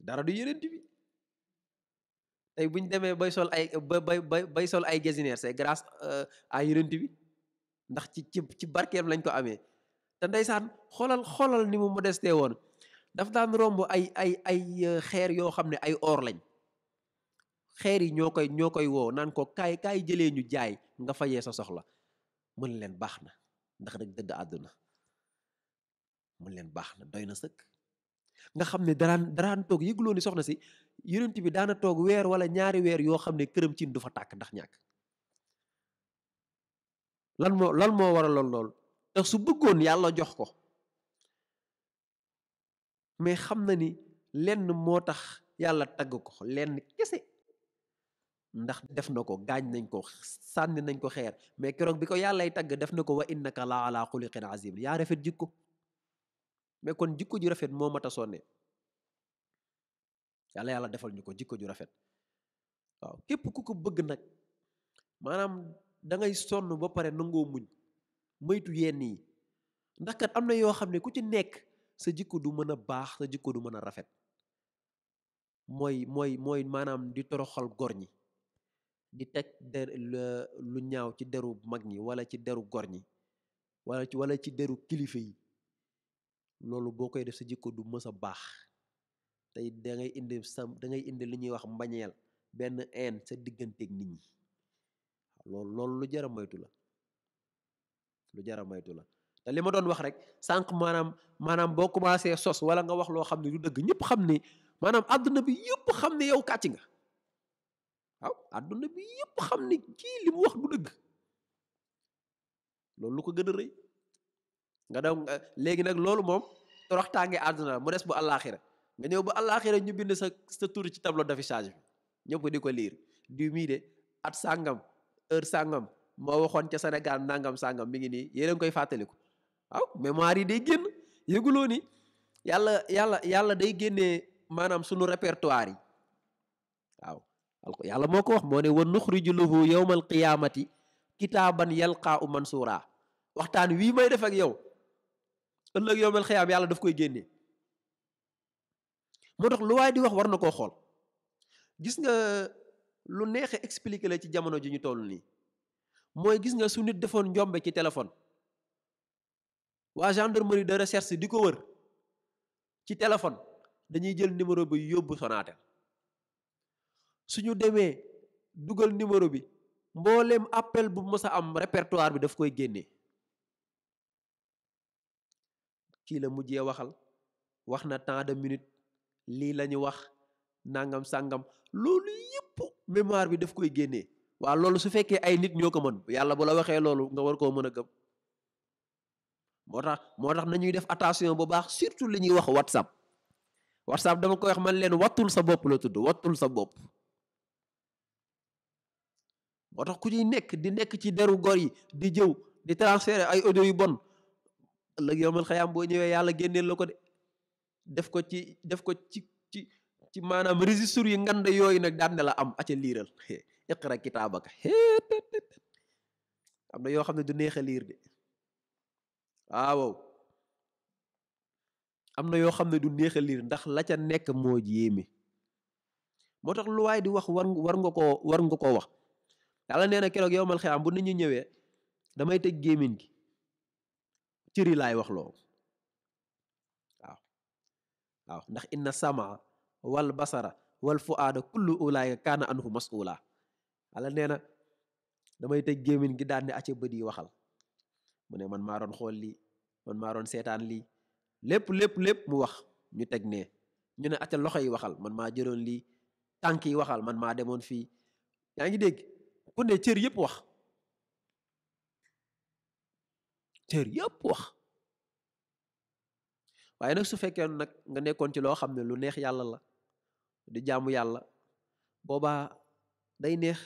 dara du yeneen bi tey bu demee bay sol ay bay bay bay sol ay gasineer c'est grâce euh, à yeneen bi ndax ci ci ci barkeem lañ ko amee te ndeysaan xolal xoolal ni mu modeste woon daf daan romb ay ay ay euh, xeer yoo xam ne ay or lañ xeer yi ñoo koy ñoo koy woo naan ko kaay kaay jëlee ñu jaay nga fajee sa soxla mën leen baax na ndax rek dëgg àdduna mu leen baax na doy na sëkk nga xam ne daraan daraan toog yégloo ni soxna si yonent bi daana toog weer wala ñaari weer yoo xam ne këram cin du fa tàkk ndax ñàkk lan moo lan moo war lool lool su bëggoon yàlla jox ko mais xam na ni lenn moo tax yàlla tagg ko lenn kese ndax def na ko gaañ nañ ko sànni nañ ko xeer mais keroog bi ko yàllay tagg def na ko wa innaka la ala xuliqin azim yaa rafet jikko mais kon jikko ju rafet moo mat a sonne yàlla yàlla defal ñu ko jikko ju rafet waaw képp ku ko bëgg nag maanaam da ngay sonn ba pare nangoo muñ moytu yenn yi ndax kat am na yoo xam ne ku ci nekk sa jikko du mën a baax sa jikko du mën a rafet mooy mooy mooy maanaam di toroxal gor ñi di teg der lu ñaaw ci deru mag ñi wala ci deru gor ñi wala ci wala ci deru kilifa yi loolu boo koy def sa jikko du mës a baax tey da ngay indi sam dangay indi li ñuy wax mbañeel benn haine sa digganteeg nit ñi loolu loolu lu jar a moytu la lu jar a moytu la te li ma doon wax rek sànq maanaam maanaam boo commencé sos wala nga wax loo xam ne du dëgg ñëpp xam ne maanaam adduna bi yëpp xam ne yow kàcc nga waaw adduna bi yëpp xam ne kii li mu wax du dëgg loolu lu ko gën a rëy. nga dem léegi nag loolu moom torox tànge àdduna mu des bu àllaaxira nga ñëw bu àllaaxira ñu bind sa sa tur ci tableau d'affichage bi ñëpp di ko liir du mii de at sàngam heure sàngam moo waxoon ca Sénégal nangam sàngam mi ngi nii yéen a koy fàttaliku waaw mémoire yi day génn yëguloo ni yàlla yàlla yàlla day génnee maanaam sunu répertoire yi waaw yàlla moo ko wax moo ne wa nuxriju lahu yawmal qiyaamati kitaaban yalqaahu mansuura waxtaan wii may def ak yow ëllëg yowmal xiyaam yàlla dafa koy génnee moo tax lu waaye di wax war na koo xool gis nga lu neexe expliqué la ci jamono ji ñu toll nii mooy gis nga su nit defoon njombe ci téléphone waa gendarmerie de recherche di ko wër ci téléphone dañuy jël numéro bi yóbbu su ñu demee dugal numéro bi mbooleem appel bu mës a am répertoire bi daf koy génne kii la mujjee waxal wax na tant de minutes lii la ñu wax nangam sàngam loolu yëpp mémoire bi daf koy génne waaw loolu su fekkee ay nit ñoo ko mën yàlla bu la waxee loolu nga war koo mën a gëm moo tax moo tax nañuy def attention bu baax surtout li ñuy wax whatsapp whatsapp dama koy wax man leen wattul sa bopp la tudd wattul sa bopp moo tax ku ñuy nekk di nekk ci deru gor yi di jëw di transférer ay audio yu bon ëllëg yowmal xayaam boo ñëwee yàlla génneel la ko de def ko ci def ko ci ci ci maanaam registre yi ngand yooyu nag daan ne la am aca liiral iqra kitaabaka am na yoo xam ne neex a liir de waaw am na yoo xam ne du neex a liir ndax la nekk moo yéeme moo tax lu di wax war war nga war nga koo wax yàlla nee na keroog yowmal xayaam bu nit ñu ñëwee damay tëj gémmiñ gi cër yi laay wax loo waaw ndax inna sama wal basara wal fuaada kullu ulaayka kaana anhu mas'uula ala nee na damay teg gémmiñ gi daan ne acca bët yi waxal mu ne man maa doon xool lii man maa doon seetaan lii lépp lépp lépp mu wax ñu teg ne ñu ne acca loxo yi waxal man maa jëloon lii tànk yi waxal man maa demoon fii yaa ngi dégg ku ne cër yëpp wax acteur yëpp wax waaye nag su fekkee nag nga nekkoon ci loo xam ne lu neex yàlla la di jaamu yàlla boobaa day neex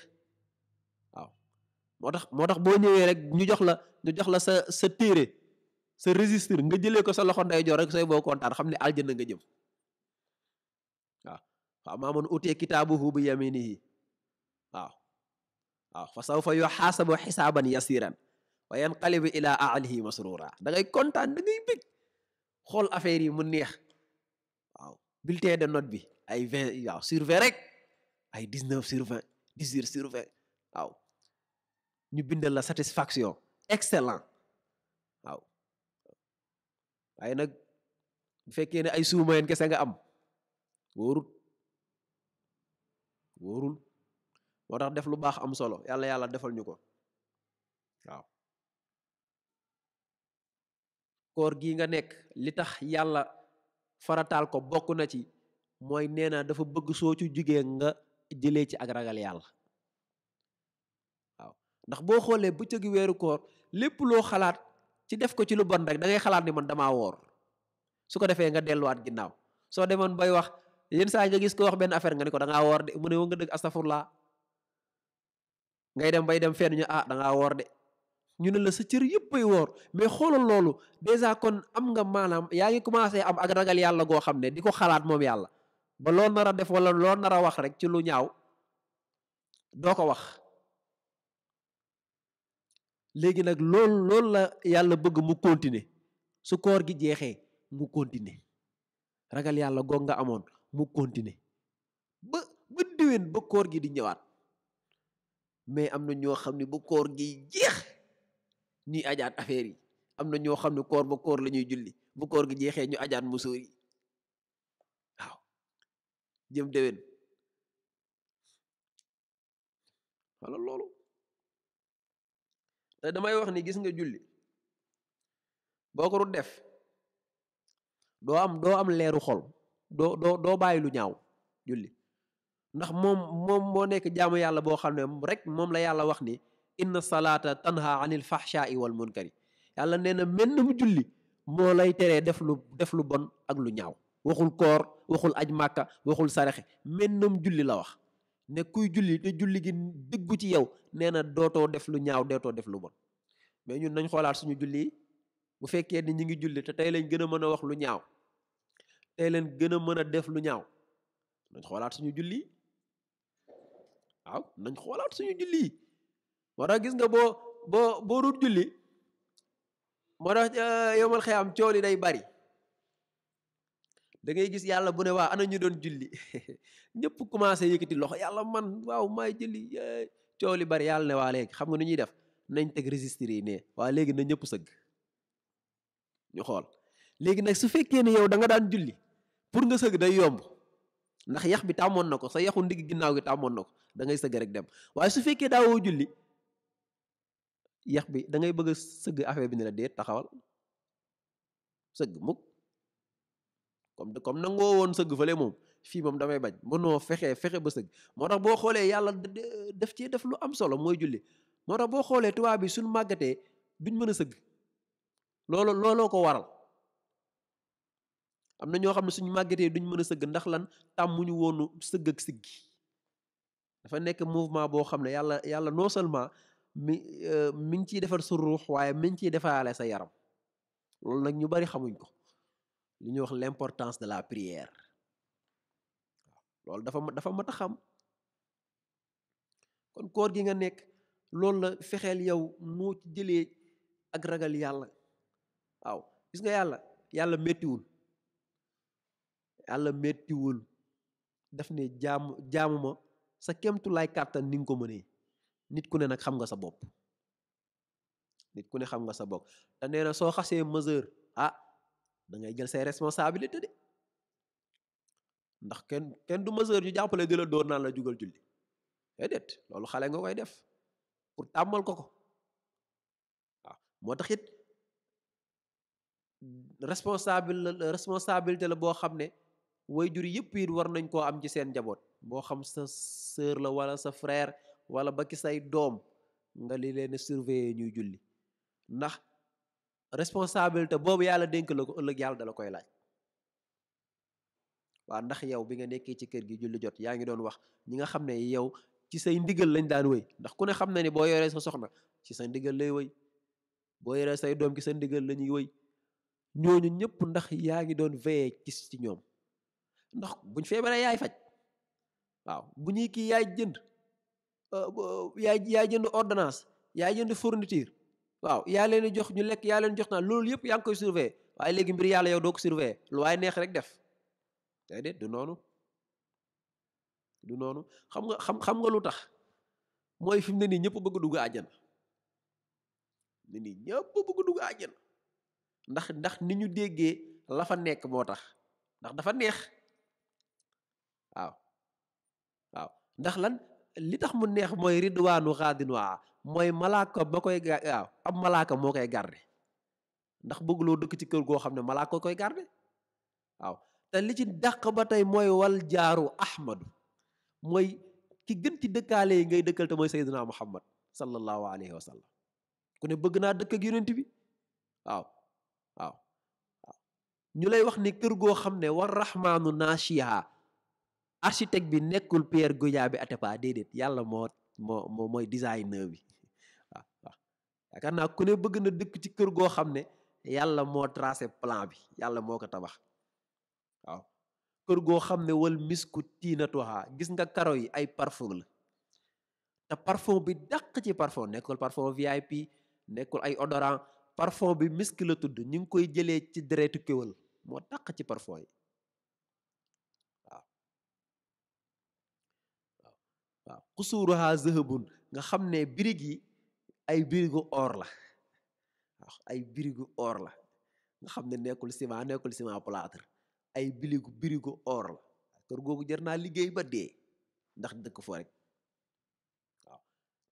waaw moo tax moo tax boo ñëwee rek ñu jox la ñu jox la sa sa téere sa registre nga jëlee ko sa loxo ndeyjoor rek sooy boo kontaan xam ne aljana nga jëm waaw waaw maa man utee kitaabuhu bi yaminihi waaw waaw fa sawfa yuhaasabu xisaaban yasiran wa yanqalibu ila ahlihi masrura da ngay kontaan da ngay bég xool affaire mu neex waaw bulletin de note bi ay vingt rek ay dix neuf sur vingt waaw ñu bindal la satisfaction excellent waaw waaye nag bu fekkee ne ay suumayeen kese nga am wóorul wóorul moo tax def lu baax am solo yàlla yàlla defal ñu ko waaw koor gi nga nekk li tax yàlla farataal ko bokk na ci mooy nee na dafa bëgg soo ci jigéen nga jëlee ci ak ragal yàlla waaw ndax boo xoolee bëccëgu weeru koor lépp loo xalaat ci def ko ci lu bon rek da ngay xalaat ni man damaa woor su ko defee nga delluwaat ginnaaw soo demoon bay wax yenn saa nga gis ko wax benn affaire nga ni ko da ngaa woor de mu ne wo nga dëgg astafurlaa ngay dem bay dem fenn ñu ah da woor de ñu ne la sa cër yëpp ay woor mais xoolal loolu dèjà kon am nga maanaam yaa ngi commencé am ak ragal yàlla goo xam ne di ko xalaat moom yàlla ba lool nar a def wala loo nar wax rek ci lu ñaaw doo ko wax léegi nag loolu loolu la yàlla bëgg mu continuer su koor gi jeexee mu continuer ragal yàlla goog nga amoon mu continuer ba ba diwén ba koor gi di ñëwaat mais am na ñoo xam ne ba koor gi jeex ñuy ajaat affaire yi am na ñoo xam ne koor ba koor lañuy ñuy julli bu koor gi jeexee ñu ajaat musóor yi waaw jëm déwén wala loolu damay wax ni gis nga julli boo ko def doo am doo am leeru xol doo doo bàyyilu bàyyi ñaaw julli ndax moom moom moo nekk jaamu yàlla boo xam ne rek moom la yàlla wax ni inna salaata tanha anil fahshai wal munkari yàlla nee na menn mu julli moo lay teree def lu def lu bon ak lu ñaaw waxul koor waxul aj màkka waxul saraxe mennam julli la wax ne kuy julli te julli gi dëggu ci yow nee na dootoo def lu ñaaw deetoo def lu bon mais ñun nañ xoolaat suñu julli yi bu fekkee ni ñi ngi julli tey lañ gën a mën a wax lu ñaaw tey leen gën a mën a def lu ñaaw nañ xoolaat julli waaw nañ xoolaat suñu julli moo tax gis nga boo boo boo dul julli moo tax eh, yomal xiyam coow li day bari dangay gis yàlla bu ne waa ana ñu doon julli ñëpp commencé yëkkati loxo yàlla man waaw maay julli coow li bari yàlla ne waa léegi xam nga nu ñuy def nañ teg registre yi ne waa léegi na ñëpp sëgg ñu xool léegi nag su fekkee ne yow da nga daan julli pour nga sëgg day yomb ndax yax bi tàmmoon na ko sa yaxu ndig ginnaaw gi tàmmoon na ko dangay ngay sëgg rek dem waaye su fekkee daawoo julli yax bi da ngay bëgg sëgg affaire bi ni la dee taxawal sëgg mukk comme comme nangoo woon sëgg fële moom fii moom damay bañ mënoo fexe fexe ba sëgg moo tax boo xoolee yàlla def ci def lu am solo mooy julli moo tax boo xoolee tubaab bi suñ màggatee duñ mën a sëgg loolu looloo ko waral am na ñoo xam ne suñ màggatee duñ mën a sëgg ndax lan tàmmuñu woonu sëgg ak siggi dafa nekk mouvement boo xam ne yàlla yàlla non seulement mi eh, mi ngi ciy defar sa ruux waaye mi ngi ciy defaale sa yaram loolu nag ñu bari xamuñ ko li ñuy wax l'importance de la prière loolu dafa dafa mat a xam kon koor gi nga nekk loolu na fexeel yow noo ci jëlee ak ragal yàlla waaw gis nga yàlla yàlla méttiwul yàlla méttiwul daf ne jaamu jaamuma sa kemtu lay kàttan ni nga ko mënee nit ku ne nag xam nga sa bopp nit ku ne xam nga sa bopp te nee na soo xasee meseur ah da ngay jël say responsabilité de ndax kenn kenn du meseur ñu jàppale di la dóor la jugal julli déedéet loolu xale nga koy def pour tàmmal ko ko waaw moo tax it responsable responsabilité la boo xam ne way jur yëpp war nañ koo am ci seen njaboot boo xam sa sœur la wala sa frère wala ba ki say doom nga li leen surveiller ñuy julli ndax responsabilité boobu yàlla dénk la ko ëllëg yàlla dala koy laaj waa ndax yow bi nga nekkee ci kër gi julli jot yaa ngi doon wax ñi nga xam ne yow ci say ndigal lañ daan wéy ndax ku ne xam na ni boo yoree sa soxna ci sa ndigal lay wéy boo yoree say doom ci sa ndigal lañuy woy wéy ñooñu ñëpp ndax yaa ngi doon veillé gis ci ñoom ndax buñ feebaree yaay faj waaw bu ñuy yaay jënd Euh, yaay yaay jënd ordinance yaa jënd fourniture waaw yaa leen jox ñu lekk yaa leen jox naa loolu yëpp yaa ngi koy surveiller waaye léegi mbir yàlla yow doo ko surveiller lu waaye neex rek def day de du noonu du noonu xam nga xam xam nga lu tax mooy fi mu ne nii ñëpp bëgg dugg àjjana ne nii ñëpp bëgg dugg àjjana ndax ndax ni ñu déggee la fa nekk moo tax ndax dafa neex waaw waaw ndax lan li tax mu neex mooy ridwaanu xaadin waa mooy malaaka ba koy waaw ab malaaka moo koy garde ndax bëgguloo dëkk ci kër goo xam ne malaaka koy garde waaw te li ci daq ba tey mooy wal jaaru ahmadu mooy ki gën ci dëkkaale yi ngay dëkkal te mooy sayyidina muhammad sallallahu alayhi wa sallam ku ne bëgg naa dëkk ak yonent bi waaw waaw waaw ñu lay wax ni kër goo xam ne war rahmaanu naashiha architecte bi nekkul Pierre Goudiaby Atepa déedéet yàlla moo moo mooy designer bi waaw waaw ku ne bëgg na dëkk ci kër goo xam ne yàlla moo tracé plan bi yàlla moo ko tabax waaw kër goo xam ne wal misku tiinatuha gis nga karo yi ay parfum la te parfum bi dàq ci parfum nekkul parfum VIP nekkul ay odorant parfum bi ki la tudd ñu ngi koy jëlee ci deretu kéwal moo dàq ci parfum yi waaw xusuuruha zahabun nga xam ne birig yi ay birigu or la waaw ay or la nga xam ne nekkul ciment nekkul ciment plâtre ay birigu birigu or la kër googu jar naa liggéey ba dee ndax dëkk fo rek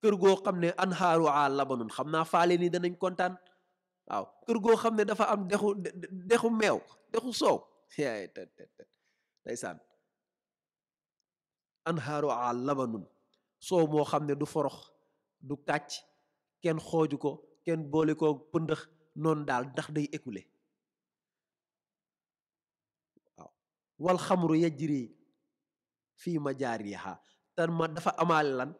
waaw goo xam ne anhaaru a labanun xam naa faale ni danañ kontaan waaw kër goo xam ne dafa am dexu meew dexu soow yaay te te ndeysaan anhaaru a labanun soow moo xam ne du forox du kàcc kenn xooju ko kenn boole koo pëndëx noonu daal ndax day écoulé waaw wal xamru yajri fii majaariha te ma dafa amaale lan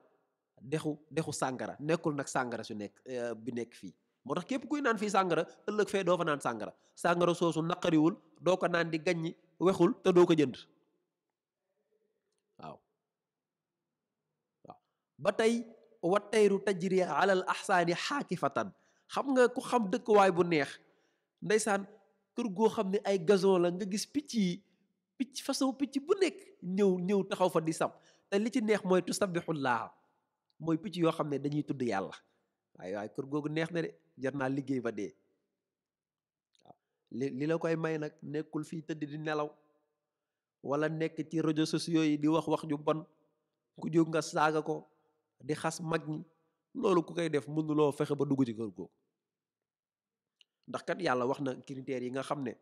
dexu dexu sàngara nekkul nag sàngara su nekk eh, bi nekk fii moo tax képp kuy naan fii sàngara ëllëg fee doo fa naan sàngara sàngara soosu naqariwul doo ko naan di gaññi wexul te doo ko jënd ba tey wattayru tajri alal ahsaani xaakifatan xam nga ku xam dëkkuwaay bu neex ndeysaan kër goo xam ne ay gazon la nga gis picc yi picc façon picc bu nekk ñëw ñëw taxaw fa di sab te li ci neex mooy tusabbixullaa mooy picc yoo xam ne dañuy tudd yàlla waaye waaye kër googu neex na de jar naa liggéey ba dee waaw li la koy may nag nekkul fii tëdd di nelaw walla nekk ci réseaux sociaux yi di wax wax ju bon ku jóg nga saaga ko di xas mag loolu ku koy def mënuloo fexe ba dugg ci kër googu ndax kat yàlla wax na critères yi nga xam ne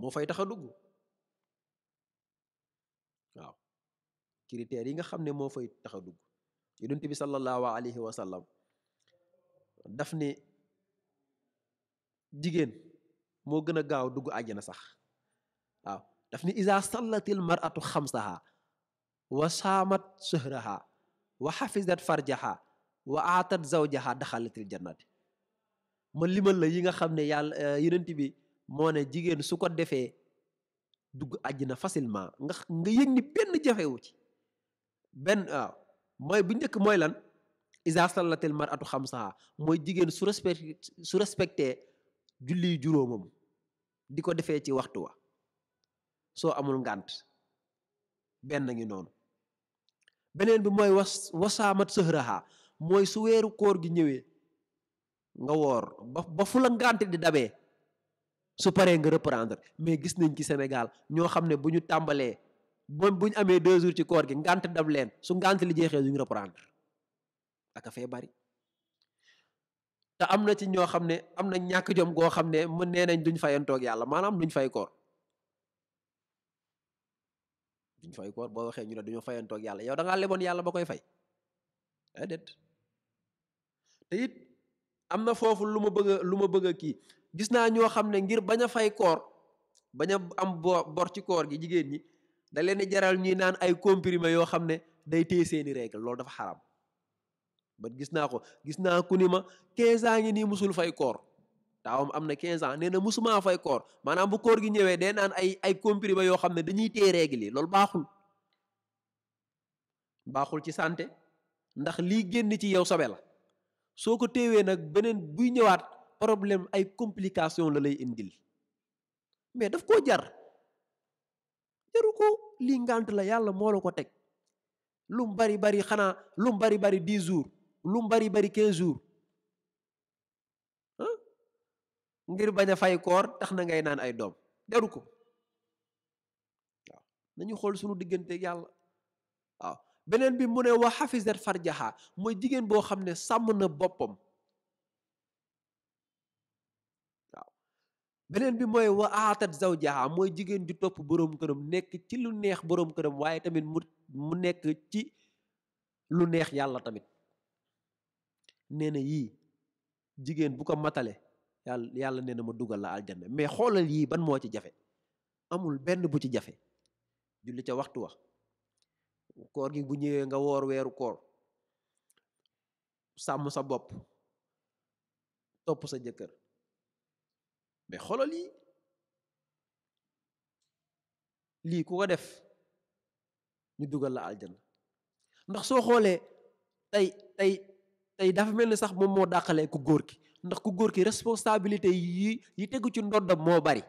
moo fay tax a dugg waaw critères yi nga xam ne moo fay tax a dugg yonent bi sallallahu alayhi wa sallam daf ni jigéen moo gën a gaaw dugg àjjana sax waaw daf ne iza sallatil atu xamsaha wa saamat sëhraha wa xafisat farjaha wa aatat zawjaha daxalatil jannati ma limal la yi nga xam ne yàlla euh, yonent bi moo ne jigéen su ko defee dugg àjjina facilement nga nga yëg ni benn jafewu ci benn mooy bu njëkk mooy lan isa sallatil maratu xamsaha mooy jigéen su respect respecté julli juróomam di ko defee ci waxtu wa soo amul ngànt benn ngi noonu beneen bi mooy was wasaamat sëxraxaa mooy su weeru koor gi ñëwee nga woor ba ba fu di dabee su paree nga reprendre mais gis nañ ci Sénégal ñoo xam ne bu ñu tàmbalee ba bu ñu amee deux jours ci koor gi ngànt dab leen su ngànt li jeexee duñu reprendre aka fee bari te am na ci ñoo xam ne am na ñàkk jom goo xam ne mën nee nañ duñ fayantoog yàlla maanaam duñ fay koor duñ fay koor boo waxee ñu ne dañoo fayantoog yàlla yow da ngaa leboon yàlla ba koy fay déedéet te it am na foofu lu ma bëgg lu ma bëgg a kii gis naa ñoo xam ne ngir bañ a fay koor bañ a am bor ci koor gi jigéen ñi da leen di jaral ñuy naan ay comprimés yoo xam ne day téye seeni rek loolu dafa xaram ba gis naa ko gis naa ku ni ma 15 ans ngi nii musul fay koor taawam am na 15 ans nee na musuma fay koor maanaam bu koor gi ñëwee day naan ay ay comprimés yoo xam ne dañuy tee règle yi loolu baaxul baaxul ci santé ndax lii génn ci yow sobe la soo ko téewee nag beneen buy ñëwaat problème ay complication la lay indil mais daf koo jar jaru ko lii ngant la yàlla moo la ko teg lum bari bari xanaa lum bari bari 10 jours lum bari bari quinze jours ngir bañ a fay koor tax na ngay naan ay doom jaru ko waaw nañu xool sunu diggante yàlla waaw beneen bi mu ne wa xafisat farjaha mooy jigéen boo xam ne sàmm na boppam waaw beneen bi mooy wa aatat zawjaha mooy jigéen ju topp boroom këram nekk ci lu neex boroom këram waaye tamit mu mu nekk ci lu neex yàlla tamit nee na yii jigéen bu ko matale yàlla yàlla nee na ma dugal la aljanna mais xoolal yii ban moo ci jafe amul benn bu ci jafe julli ca waxtu wax koor gi bu ñëwee nga woor weeru koor sàmm sa bopp topp sa jëkkër mais xoolal yi lii ku ko def ñu dugal la aljanna ndax soo xoolee tey tey tey dafa mel ni sax moom moo dàqalee ku góor ki ndax ku góor ki responsabilité yi yi tegu ci ndoddam moo bari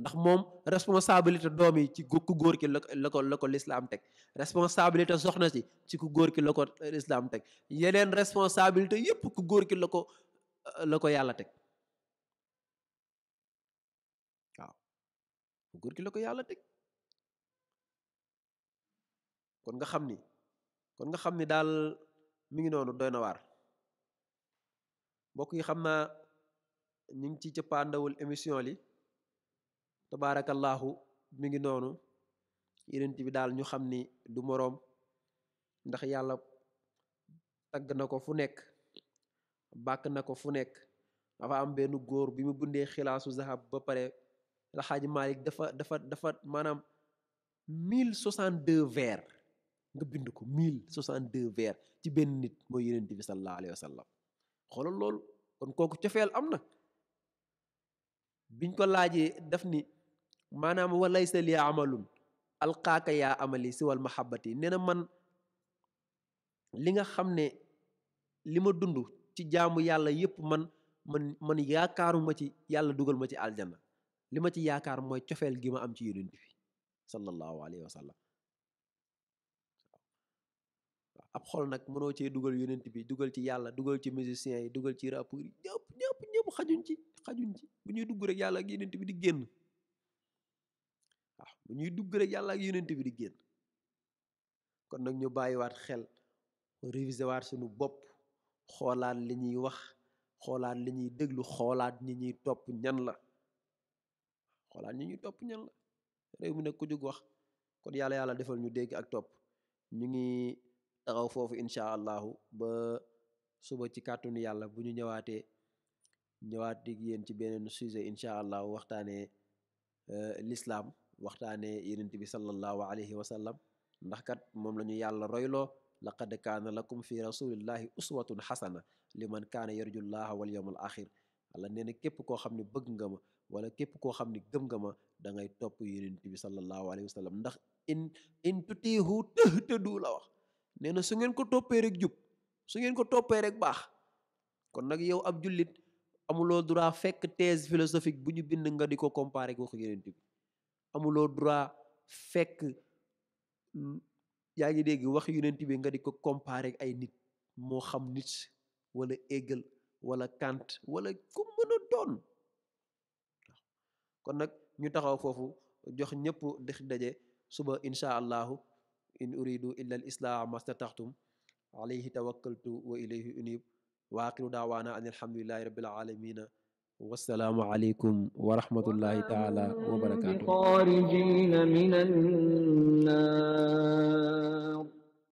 ndax moom responsabilité doom yi ci ku góor ki la ko la ko lislaam teg responsabilité soxna si ci ku góor ki la ko euh, lislaam teg yeneen responsabilité yépp ku góor ki la ko euh, la ko yàlla teg waaw ku ki la ko yàlla teg kon nga xam ni kon nga xam ni daal mi ngi noonu doy na waar mbokk yi xam naa ñu ngi ci cëppaandawul émission li tabaarakallaahu mi ngi noonu yonent bi daal ñu xam ni du moroom ndax yàlla tagg na ko fu nekk bàkk na ko fu nekk dafa am benn góor bi mu bundee xilaasu zahab ba pare la xaaj Malick dafa dafa dafa maanaam mille soixante deux vers nga bind ko mille soixante deux vers ci benn nit mooy yonent bi sallallahu alayhi wa sallam xoolal loolu kon kooku cofeel am na biñ ko laajee daf ni maanaam walaysa li amalum alqaaka yaa amali si wal mahabbati nee na man li nga xam ne li ma dund ci jaamu yàlla yépp man man man yaakaaruma ci yàlla dugal ma ci aljanna li ma ci yaakaar mooy cofeel gi ma am ci yonent bi sallallahu alayhi ab xool nag mënoo cee dugal yonent bi dugal ci yàlla dugal ci musiciens yi dugal ci rappeurs yi ñëpp ñëpp ñëpp xajuñ ci xajuñ ci bu ñuy dugg rek yàlla ak yonent bi di génn waaw bu ñuy dugg rek yàlla ak yonent bi di génn kon nag ñu waat xel réviser waat suñu bopp xoolaat li ñuy wax xoolaat li ñuy déglu xoolaat ñi ñuy topp ñan la xoolaat ñi ñuy topp ñan la réew mi nag ku jóg wax kon yàlla yàlla defal ñu dégg ak topp ñu ngi taxaw foofu incha allahu ba suba ci kàttanu yàlla bu ñu ñëwaatee ñëwaat dig yéen ci beneen sujet incha allahu waxtaanee euh, lislaam waxtaanee yonent bi sallallahu alayhi wa sallam ndax kat moom la ñu yàlla royloo laqad kaana lakum fi rasulillahi uswatun xasana liman kaana yarjullaha wal yom axir wala nee na képp koo xam ne bëgg nga ma wala képp koo xam ni gëm nga ma da ngay topp yonent bi sallallahu alayhi wa ndax in in tutiihu tëhtëdu la wax nee na su ngeen ko toppee rek jub su ngeen ko toppee rek baax kon nag yow ab jullit amuloo droit fekk thèse philosophique bu ñu bind nga di ko comparer ak waxu yeneen bi amuloo droit fekk yaa ngi dégg wax yonent bi nga di ko comparer ay nit moo xam nit wala Hegel wala Kant wala ku mën a doon kon nag ñu taxaw foofu jox ñëpp dex daje suba incha allahu in uridu illa al islaaha mastataxtum alayhi tawakkaltu wa ilayhi unib wa axiru daawaana an alhamdulillahi rabbil alamina wassalaamu aleykum wa rahmatullahi taala wa barakaatu